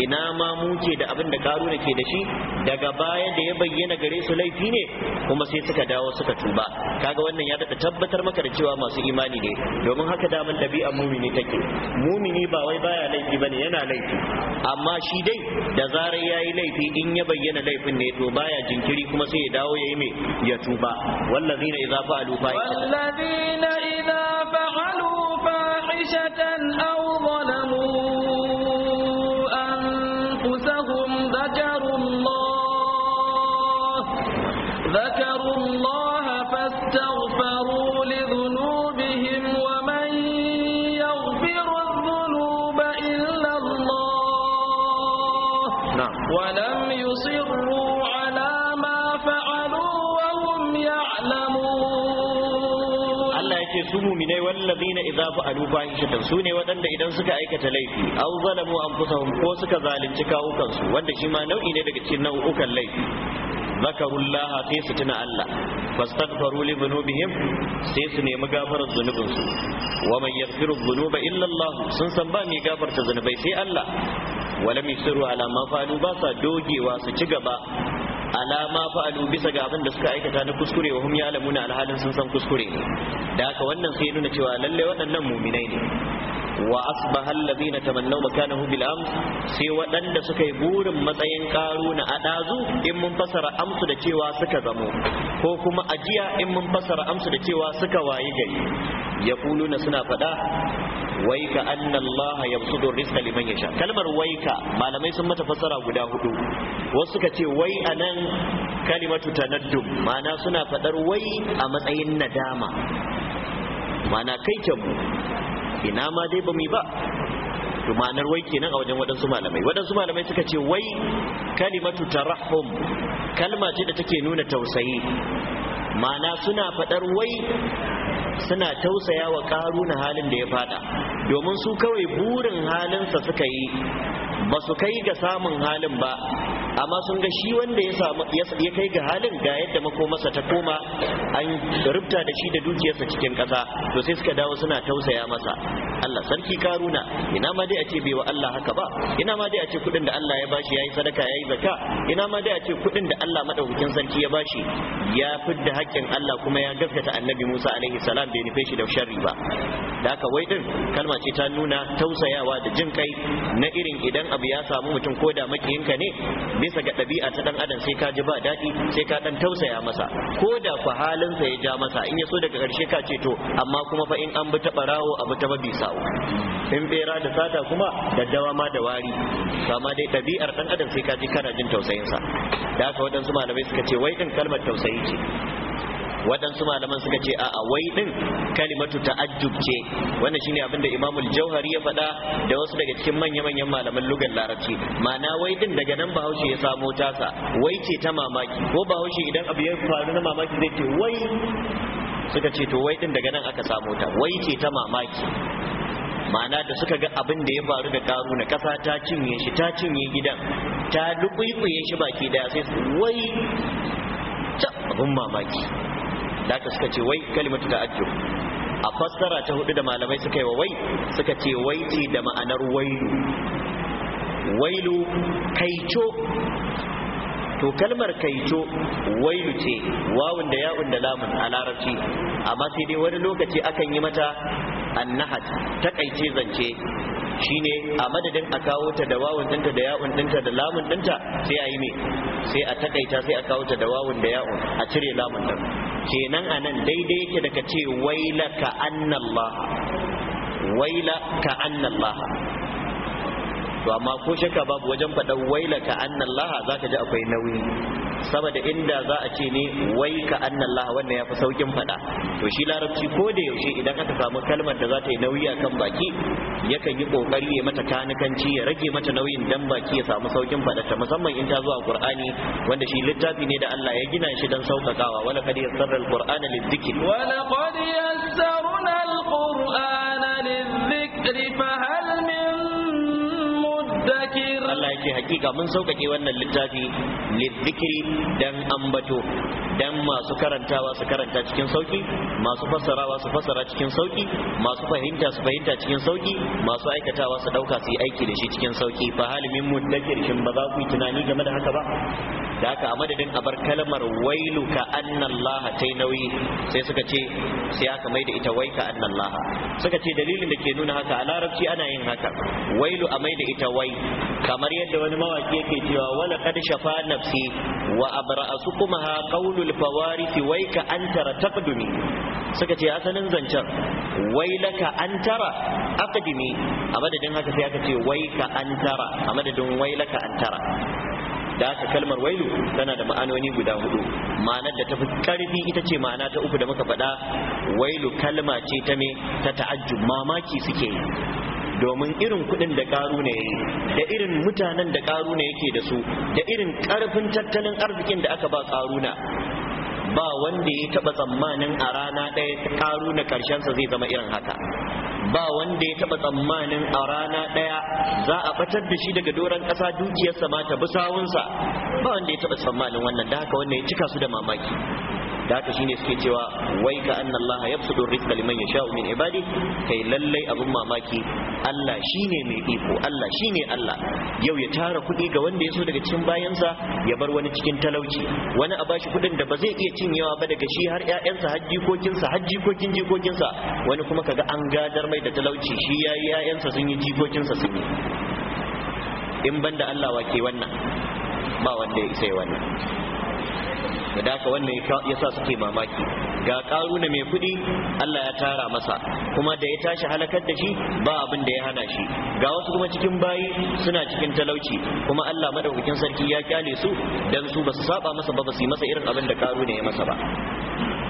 ina ma muke da abin da karuna ke da shi daga baya da ya bayyana gare su laifi ne kuma sai suka dawo suka tuba kaga wannan ya daɗa tabbatar maka da cewa masu imani ne domin haka damar ɗabi'a mumini take mumini ba wai baya laifi bane yana laifi amma shi dai da zarar ya yi laifi in ya bayyana laifin ne to baya jinkiri kuma sai ya dawo ya yi mai ya tuba wallazina idza fa'alu fa'ishatan mu'minai wallazina idza fa'alu fahishatan sune waɗanda idan suka aikata laifi aw zalamu anfusahum ko suka zalunci kawukansu wanda shi ma nau'i ne daga cikin nau'ukan laifi zakaru Allah sai su tuna Allah fastaghfaru li dhunubihim sai su nemi gafarar zunubin su wa man yaghfiru sun san ba mai gafarta zunubai sai Allah wala misiru ala ma falu ba sa dogewa su ci gaba alama fa'alu bisa ga abin da suka aikata na kuskure wa hum ya'lamuna alhalin sun san kuskure da haka wannan sai nuna cewa lalle waɗannan muminai ne wa asbaha alladhina tamannaw makanahu bil ams sai waɗanda suka yi burin matsayin karuna a ɗazu in mun fasara amsu da cewa suka zamo ko kuma ajiya in mun fasara amsu da cewa suka wayi gari yaquluna suna faɗa waika anna Allah yabsutu rizqa liman yasha kalmar waika malamai sun mata fassara guda hudu wasu suka ce wai anan kalimatu tanaddum ma'ana suna faɗar wai a matsayin nadama ma'ana kai mu. ina ma dai ba mu ba to ma'anar wai kenan a wajen waɗansu malamai waɗansu malamai suka ce wai kalimatu tarahum kalma ce da take nuna tausayi ma'ana suna faɗar wai suna tausaya wa karuna halin da ya fada domin su kawai burin halinsa suka yi ba su kai ga samun halin ba amma sun ga shi wanda ya ya kai ga halin ga yadda masa ta koma an rubta da shi da dukiyarsa cikin kasa to sai suka dawo suna tausaya masa Allah sarki karuna ina ma dai a ce bai Allah haka ba ina ma dai a ce kuɗin da Allah ya bashi yayi sadaka yayi zakka ina ma dai a ce kuɗin da Allah madaukakin sarki ya bashi ya fidda haƙƙin Allah kuma ya gaskata annabi Musa alaihi salam bai nufe shi da sharri ba da haka wai din kalma ce ta nuna tausayawa da jin kai na irin idan abu ya samu mutum ko da makiyinka ne bisa ga ɗabi'a ta ɗan adam sai ka ji ba daɗi sai ka ɗan tausaya masa ko da ku sa ya ja masa in ya so daga ƙarshe ka ce to amma kuma fa in an bi ta ɓarawo abu ta mabi sa'o in bera da sata kuma daddawa ma da wari amma dai ɗabi'ar ɗan adam sai ka ji kana jin tausayinsa da haka waɗansu malamai suka ce wai ɗin kalmar tausayi ce waɗansu malaman suka ce a'a wai din kalimatu ta'ajjub ce wannan shine abin da imamul jauhari ya faɗa da wasu daga cikin manya-manyan malaman lugar larabci ma'ana wai din daga nan bahaushe ya samo tasa wai ce ta mamaki ko bahaushe idan abu ya faru na mamaki zai ce wai suka ce to wai din daga nan aka samo ta wai ce ta mamaki ma'ana da suka ga abin da ya faru da karu na kasa ta cinye shi ta cinye gidan ta lukuikuye shi baki daya sai su wai ta abin mamaki da suka ce wai kalimatu da ajjo a fassara ta hudu da malamai suka yi wa wai suka ce wai ce da ma'anar wailu wailu kaico to kalmar kaico wailu ce wawun da ya'un da lamun a larabci amma sai dai wani lokaci akan yi mata annahat takaice zance shine a madadin a kawo ta da wawun dinta da ya'un dinta da lamun dinta sai a yi mai sai a takaita sai a kawo ta da wawun da ya'un a cire lamun din kenan anan daidai yake daga ce waila ka annallaha waila annallaha to amma ko shakka babu wajen faɗan wailaka annallaha zata ji akwai nauyi saboda inda za a ce ne wai ka annallaha wannan fi saukin faɗa to shi larabci ko da yaushe idan aka samu kalmar da za ta yi nauyi akan baki yakan yi kokari ya mata kanikanci ya rage mata nauyin dan baki ya samu saukin faɗa ta musamman in ta zuwa qur'ani wanda shi littafi ne da Allah ya gina shi dan saukakawa wala kad yassara alqur'ana lidhikri wala qad yassarna alqur'ana lidhikri fa hal min zakir Allah ya ce hakika mun sauƙaƙe wannan littafi lidzikri dan ambato dan masu karantawa su karanta cikin sauki masu fassarawa su fassara cikin sauki masu fahimta su fahimta cikin sauki masu aikatawa su ɗauka su yi aiki da shi cikin sauki fa halimin muddakir shin ba za ku yi tunani game da haka ba da haka a madadin abar kalmar wailu ka annallaha tai nauyi sai suka ce sai aka da ita wai ka annallaha suka ce dalilin da ke nuna haka a larabci ana yin haka wailu a da ita wai kamar yadda wani mawaki yake cewa wala qad shafa nafsi wa abra'asukumaha qawlul fawarisi wai ka antara taqdumi suka ce asalin zancen wai laka antara aqdimi a madadin haka sai aka ce wai ka antara a madadin wai laka antara da haka kalmar wailu tana da ma'anoni guda hudu ma'anar da tafi karfi ita ce ma'ana ta uku da muka faɗa wailu kalma ce ta me ta ta'ajjub mamaki suke yi domin irin kudin da karu ne yayi da irin mutanen da karu ne yake da su da irin karfin tattalin arzikin da aka ba karuna ba wanda ya taba tsammanin a rana ɗaya karuna karshensa zai zama irin haka ba wanda ya taba tsammanin a rana ɗaya za a batar da shi daga doron ƙasa dukiyarsa ma ta busawunsa ba wanda ya taba tsammanin wannan da haka wannan ya cika su da mamaki da haka shine suke cewa wai ka anna Allah fudu rizqa liman yasha min ibadi kai lallai abun mamaki Allah shine mai iko Allah shine Allah yau ya tara kuɗi ga wanda ya so daga cikin bayansa ya bar wani cikin talauci wani a bashi kuɗin da ba zai iya cinyewa ba daga shi har ƴaƴansa har jikokinsa har jikokin jikokinsa wani kuma kaga an gadar mai da talauci shi yayi ƴaƴansa sun yi jikokinsa sun yi in banda Allah wake wannan ba wanda ya isa wannan to da haka wannan sa suke mamaki ga karuna mai kuɗi Allah ya tara masa kuma da ya tashi halakar da shi ba abin da ya hana shi ga wasu kuma cikin bayi suna cikin talauci kuma Allah madaukakin sarki ya kyale su dan su ba su saba masa ba ba su yi masa irin abin da karuna ya masa ba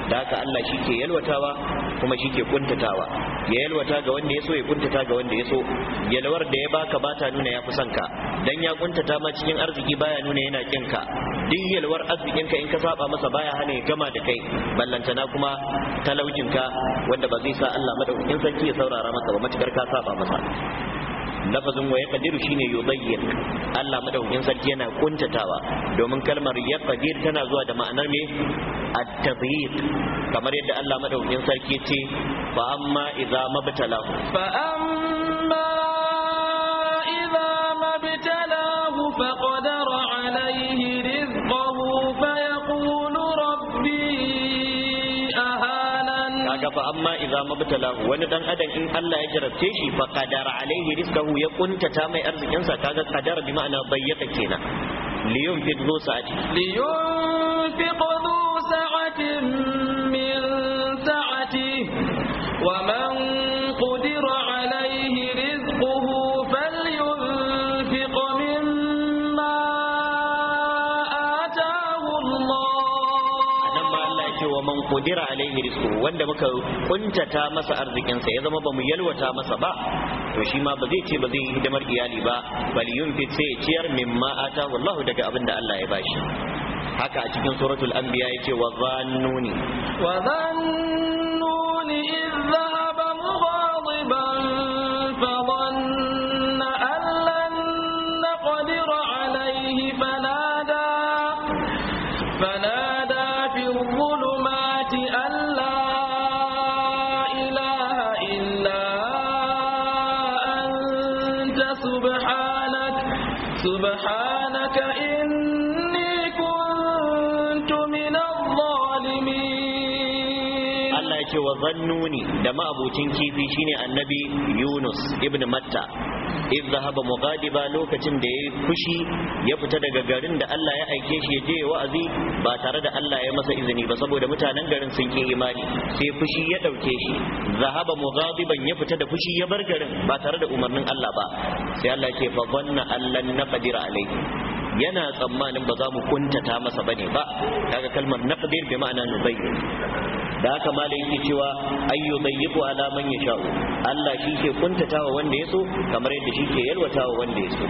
da haka Allah shi ke yalwatawa kuma shi ke kuntatawa ya yalwata ga wanda ya so ya kuntata ga wanda ya so yalwar da ya baka bata nuna ya fi son ka dan ya kuntata ma cikin arziki baya nuna yana kin ka duk yalwar arzikin ka in ka saba masa baya hana ya gama da kai ballantana kuma talaucin ka wanda ba zai sa Allah madaukakin sarki ya saurara maka ba matukar ka saba masa lafazin wa shi shine yudayyiq Allah madaukakin sarki yana kuntatawa domin kalmar yaqdir tana zuwa da ma'anar me at-tadyiq kamar yadda Allah madaukakin sarki ce fa amma idza mabtalahu fa amma idza mabtalahu fa qadara alayhi rizqahu fa yaqulu rabbi ahalan kaga fa amma idza mabtalahu wani ɗan adam in Allah ya jarabce shi fa qadara alayhi rizqahu ya kuntata mai arzikin sa kaga qadara bi ma'ana bayyaka qudira alaihi rizqu wanda muka kuntata masa arzikinsa ya zama bamu yalwata masa ba to shi ma ba zai ce ba zai yi hidimar iyali ba bal yunfit sai ciyar mimma ata wallahu daga abin da Allah ya bashi haka a cikin suratul anbiya yace wa zannuni wa zannuni idza سبحانك سبحانك إني كنت من الظالمين الله يكي وظنوني دماء أبو تنكي في شيني النبي يونس ابن متى iz zahaba mughadiba lokacin da ya fushi ya fita daga garin da Allah ya aike shi ya je wa'azi ba tare da Allah ya masa izini ba saboda mutanen garin sun ki imani sai fushi ya dauke shi zahaba mughadiban ya fita da fushi ya bar garin ba tare da umarnin Allah ba sai Allah ya ce fa zanna allan naqdir alayhi yana tsammanin ba za mu kuntata masa bane ba daga kalmar naqdir bi ma'ana nubayyin da haka malai yake cewa ayyu bayyibu ala man yasha'u Allah shi ke kuntatawa wanda ya so kamar yadda shi ke yalwatawa wanda ya so.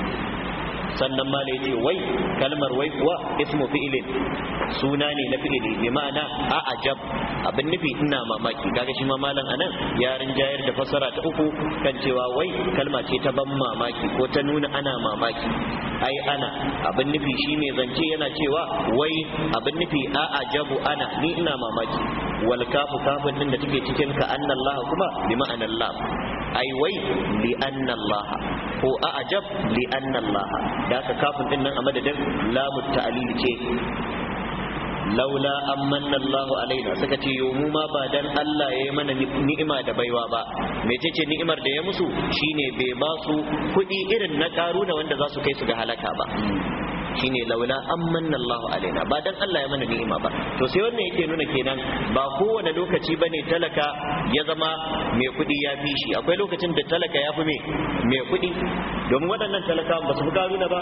sannan ma ce wai kalmar wai kuwa ismu fi'ilin suna ne na fi'ili bi ma'ana a ajab abin nufi ina mamaki kaga shi ma malam anan ya rinjayar da fassara ta uku kan cewa wai kalma ce ta ban mamaki ko ta nuna ana mamaki ai ana abin nufi shi mai zance yana cewa wai abin nufi a ajabu ana ni ina mamaki wal kafu kafin din da take cikin ka annallaha kuma bi ma'anar lam ai wai li annallaha ko a'jab li anna Allah da ka kafin din nan a madadin lamu ta'lil ce laula an manna Allahu alaina suka ce yo mu ma ba dan Allah ya yi mana ni'ima da baiwa ba me ce ni'imar da ya musu shine bai ba su kuɗi irin na karuna wanda za su kai su ga halaka ba shine laula amanna Allah alaina ba dan Allah ya mana ni'ima ba to sai wannan yake nuna kenan ba kowane lokaci bane talaka ya zama mai kuɗi ya fi shi akwai lokacin da talaka ya fi mai mai kuɗi domin waɗannan talaka ba su fi na ba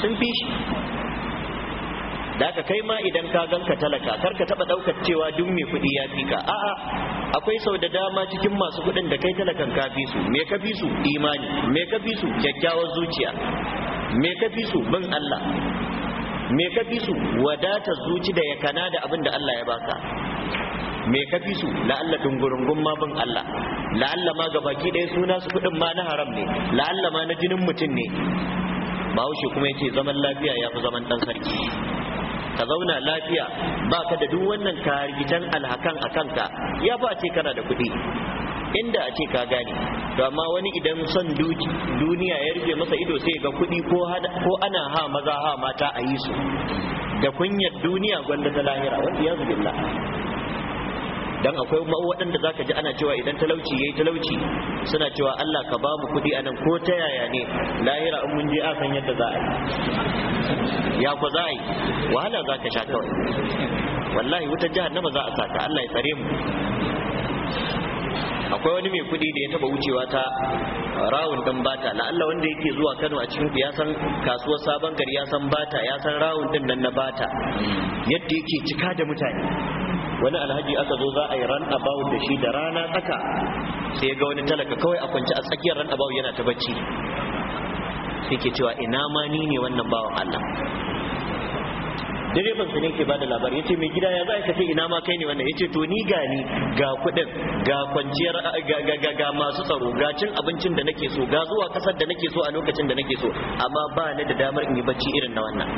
sun fi shi da kai ma idan ka ganka talaka kar ka taba daukar cewa duk mai kuɗi ya fi ka a'a akwai sau da dama cikin masu kuɗin da kai talakan ka fi su me ka fi su imani me ka fi su kyakkyawar zuciya me ka fi su bin Allah me ka fi su wadatar zuci da ya kana da abin da Allah ya baka me ka fi su la'alla ma bin Allah la'alla ma ga baki ɗaya suna su kuɗin ma na haram ne la'alla ma na jinin mutum ne bahaushe kuma yake zaman lafiya ya fi zaman ɗan sarki ka zauna lafiya ba ka da duk wannan kargitan alhakan a kanka ya ba ce kana da kuɗi inda a ce ka gane to amma wani idan son duniya ya rufe masa ido sai ga kuɗi ko ana ha maza ha mata a yi su da kunyar duniya gwanda ta lahira wanda ya zubilla dan akwai waɗanda zaka ji ana cewa idan talauci yayi talauci suna cewa Allah ka ba mu kuɗi anan ko ta yaya ne lahira in mun je a san yadda za a yi ya ku za a yi wahala zaka sha kawai wallahi wutar jahannama za a sata, Allah ya tsare mu akwai wani mai kuɗi da ya taba wucewa ta rawun din bata la'alla wanda yake zuwa kano a cikin ya san kasuwar sabon gari ya san bata ya san rawun din nan na bata yadda yake cika da mutane wani alhaji aka zo za a yi ran abawu da shi da rana tsaka sai ga wani talaka kawai a kwance a tsakiyar ran abawu yana ta bacci sai ke cewa ina ma ni ne wannan bawan Allah direban su ne ke bada labari yace mai gida ya za ka ce ina ma kai ne wannan yace to ni ga ni ga kudin ga kwanciyar ga ga masu tsaro ga cin abincin da nake so ga zuwa kasar da nake so a lokacin da nake so amma ba ni da damar in yi bacci irin na wannan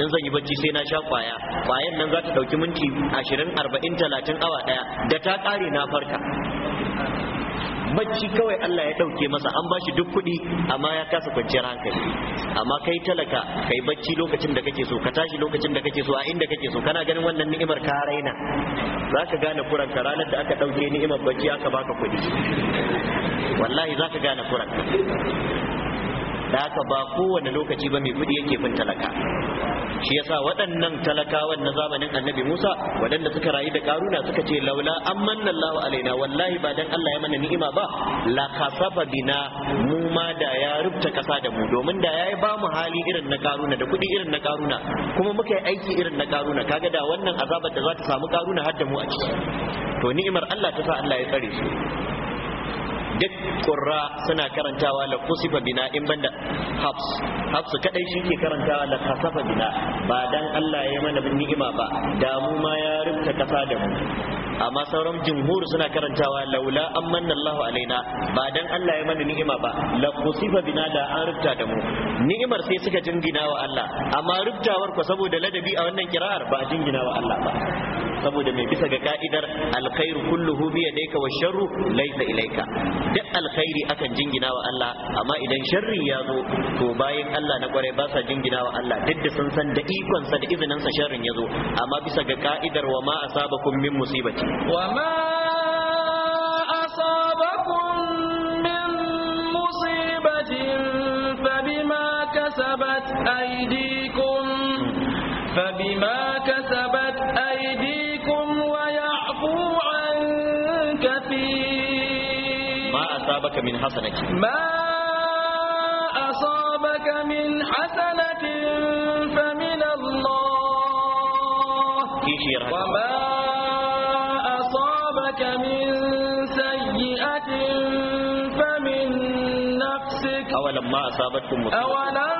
in zan yi bacci sai na sha kwaya kwayan nan za ta ɗauki minti ashirin arba'in talatin awa ɗaya da ta kare na farka bacci kawai Allah ya ɗauke masa an ba shi duk kuɗi amma ya kasa kwanciyar hankali amma kai talaka kai bacci lokacin da kake so ka tashi lokacin da kake so a inda kake so kana ganin wannan ni'imar ka raina za ka gane kuranka ranar da aka ɗauke ni'imar bacci aka baka kuɗi wallahi za ka gane kuranka da aka ba kowane lokaci ba mai kuɗi yake bin talaka shi yasa waɗannan talakawan na zamanin annabi Musa waɗanda suka rayu da karuna suka ce laula an manna Allahu alaina wallahi ba dan Allah ya mana ni'ima ba la kasafa bina mu ma da ya rubta kasa da mu domin da yayi ba mu hali irin na karuna da kuɗi irin na karuna kuma muka yi aiki irin na karuna kaga da wannan azabar da za ta samu karuna har da mu a ciki to ni'imar Allah ta sa Allah ya tsare su duk qurra suna karantawa la kusifa bina in banda hafs hafs kadai shi ke karantawa la kasafa bina ba dan Allah ya mana bin ni'ima ba damu ma ya rubuta kasa da mu amma sauran jumhur suna karantawa laula an manna Allah alaina ba dan Allah ya mana ni'ima ba la kusifa bina da an rubuta da mu ni'imar sai suka jingina wa Allah amma rubutawar ku saboda ladabi a wannan kira'ar ba jingina wa Allah ba saboda mai bisa ga ka'idar alkhairu kulluhu bi yadayka wa sharru laysa ilayka duk alkhairi akan jingina wa Allah amma idan sharri ya zo to bayan Allah na kwarai ba sa jingina wa Allah duk da sun san da ikon sa da izinin sa sharrin ya zo amma bisa ga ka'idar wa ma asabakum min musibati wa ma asabakum min musibatin أيديكم ويعفو عن كثير ما أصابك من حسنة ما أصابك من حسنة فمن الله وما أصابك من سيئة فمن نفسك أولما أصابتكم أصابكم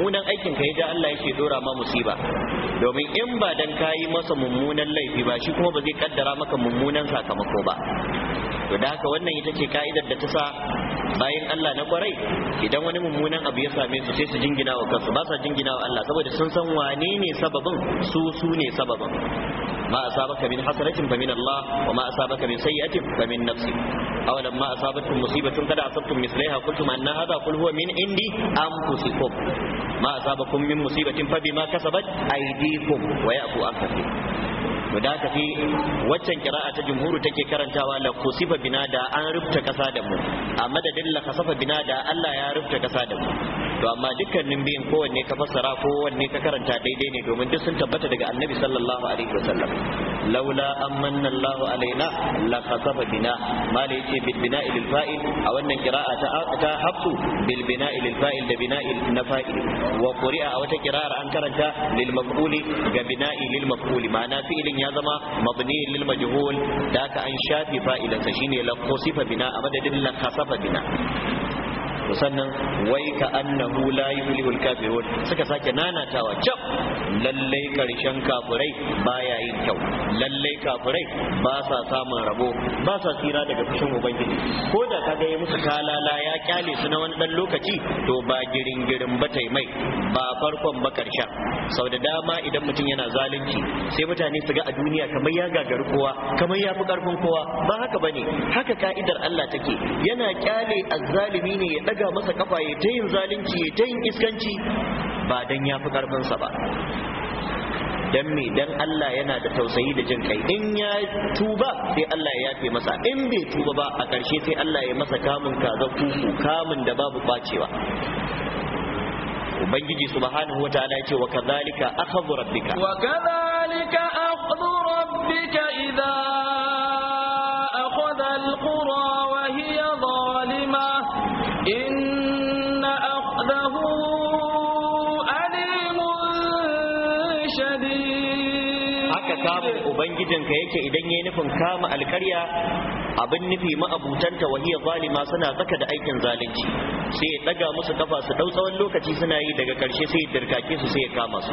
mummunan aikin ka ja Allah yake dora ma musiba domin in ba dan kayi masa mummunan laifi ba shi kuma ba zai kaddara maka mummunan sakamako ba to da haka wannan ita ce ka'idar da ta sa bayan Allah na kwarai idan wani mummunan abu ya same su sai su jingina wa kansu ba sa jingina wa Allah saboda sun san wane ne sababin su su ne sababin ما أصابك من حسنة فمن الله وما أصابك من سيئة فمن نفسك أولا ما أصابتكم مصيبة قد أصبتم مثلها قلتم أن هذا قل هو من عندي أنفسكم ما أصابكم من مصيبة فبما كسبت أيديكم ويأفو عن كثير da aka fi waccan kira'a ta jumhuru take karantawa la kusifa bina da an rubta kasa da mu a madadin la kasafa bina da Allah ya rubta kasa da mu to amma dukkanin biyan kowanne ka fassara ko wanne ka karanta daidai ne domin duk sun tabbata daga annabi sallallahu alaihi wasallam laula amanna Allahu alaina la khasaba bina mala yace bil bina'i lil fa'il a wannan qira'a ta ta hafsu bil bina'i lil fa'il da bina'i na fa'il wa quri'a a wata qira'ar an karanta lil maf'uli ga bina'i lil maf'uli ma'ana fi'ilin ya zama mabni lil majhul da ka an shafi fa'ilansa shine la khasifa bina a madadin la khasafa bina sannan wai ka annahu la yuflihul kafirun suka sake nanatawa jab lallai karshen kafirai baya yin kyau lallai kafurai ba sa samun rabo ba sa tsira daga fushin ubangiji ko da ka gaya musu talala ya kyale su na wani dan lokaci to ba girin girin ba ta mai ba farkon ba karshen sau da dama idan mutum yana zalunci sai mutane su ga a duniya kamar ya gagari kowa kamar ya fi karfin kowa ba haka ba ne, haka ka'idar Allah take yana kyale azzalimi ne ya daga masa kafa ya ta yin zalunci ya ta yin iskanci ba dan ya fi karfinsa ba dan me dan Allah yana da tausayi da jin kai in ya tuba sai Allah ya yafe masa in bai tuba ba a ƙarshe sai Allah ya masa kamun kaza kuku kamun da babu bacewa. ubangiji subhanahu wataala ya ce wa kadhalika akhadhu rabbika wa kadhalika akhadhu rabbika idza akhadha alqura wa hiya zalima in makamun ubangijinka yake idan yayi nufin kama alƙarya abin nufi ma'abutanta wahiya zalima suna saka da aikin zalunci sai ya daga musu kafa su dau tsawon lokaci suna yi daga karshe sai ya dirkake su sai ya kama su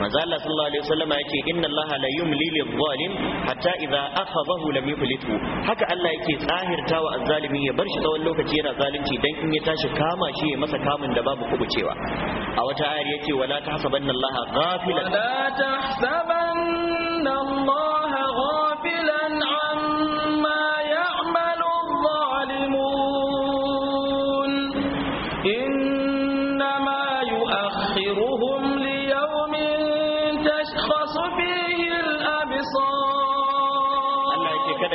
manzo Allah sallallahu alaihi wasallam yace inna Allah la yumli lil zalim hatta idza akhadahu lam haka Allah yake tsahirtawa azzalimi ya bar shi tsawon lokaci yana zalunci dan in ya tashi kama shi ya masa kamun da babu kubucewa a wata ayar yace wala tahsabanna Allah ghafilan wala tahsabanna الله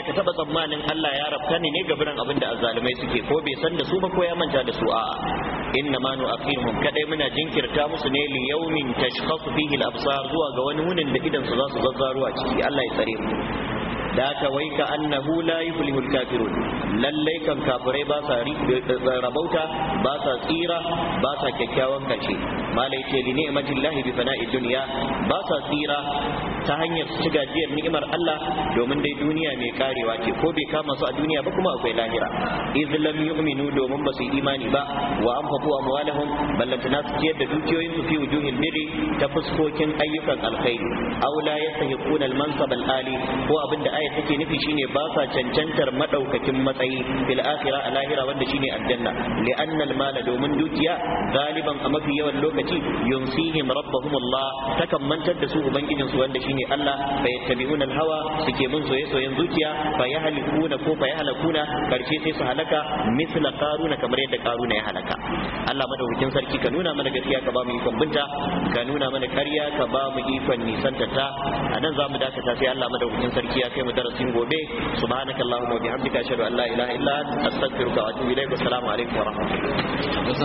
ka taba tsammanin Allah ya rabta ne ne gabiran abin da azzalumai suke ko bai san da su ba ko ya manta da su a inna ma nu'akhiruhum kadai muna jinkirta musu ne li yawmin tashkhasu fihi al-absar zuwa ga wani wunin da idan su za su zazzaru a ciki Allah ya tsare mu da ta wai ka annahu la yuflihul kafirun lallai kan kafirai ba sa eh, eh, rabauta ba sa tsira ba sa kyakkyawan kace mala yace bi ni'matillahi bi fana'i dunya ba sa tsira ta hanyar su ci gajiyar ni'imar Allah domin dai duniya mai karewa ce ko bai kama su a duniya ba kuma akwai lahira idh lam yu'minu domin ba su imani ba wa anfaqu amwalahum ballantana su ciyar da dukiyoyin su fi wujuhil birri ta fuskokin ayyukan alkhairi aw la yastahiquna al-mansab al-ali ko da ayat take nufi shine ba sa cancantar madaukakin matsayi bil akhirah a lahira wanda shine aljanna li'anna al-mala domin dukiya galiban a mafi yawan lokaci lokaci yunsihim rabbuhum Allah takan mantar da su ubangijin su wanda shine Allah fa yattabi'una al-hawa suke mun soye soyen zuciya fa yahlikuna ko fa yahlakuna karshe sai su halaka misla qaruna kamar yadda qaruna ya halaka Allah madaukakin sarki ka nuna mana gaskiya ka ba mu ikon binta ka nuna mana karya ka ba mu ikon nisanta ta anan zamu dakata sai Allah madaukakin sarki ya kai mu darasin gobe subhanakallahumma wa bihamdika ashhadu an la ilaha illa anta astaghfiruka wa atubu ilaik assalamu alaikum wa rahmatullahi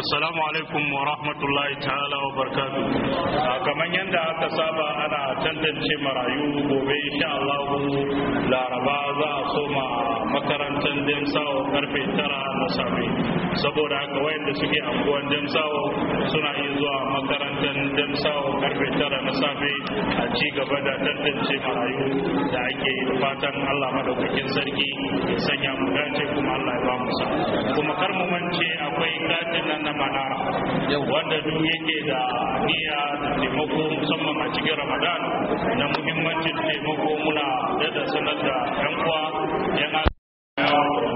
assalamu alaikum wa rahmatullahi ta'ala wa barkatu ah, kaman yanda aka saba ana tantance marayu gobe insha Allah laraba za a soma makarantar demsawa karfe tara na safe saboda haka wayanda suke anguwan demsawa suna yin zuwa makarantar demsawa karfe tara na safe a ci gaba da tantance marayu da ake fatan Allah madaukakin sarki ya sanya mu dace kuma Allah ya ba mu sa kuma kar mu mance akwai gatin nan na manara wanda duk yake da niyya da taimako musamman a cikin ramadan na muhimmancin taimako muna da sanar da yan uwa yan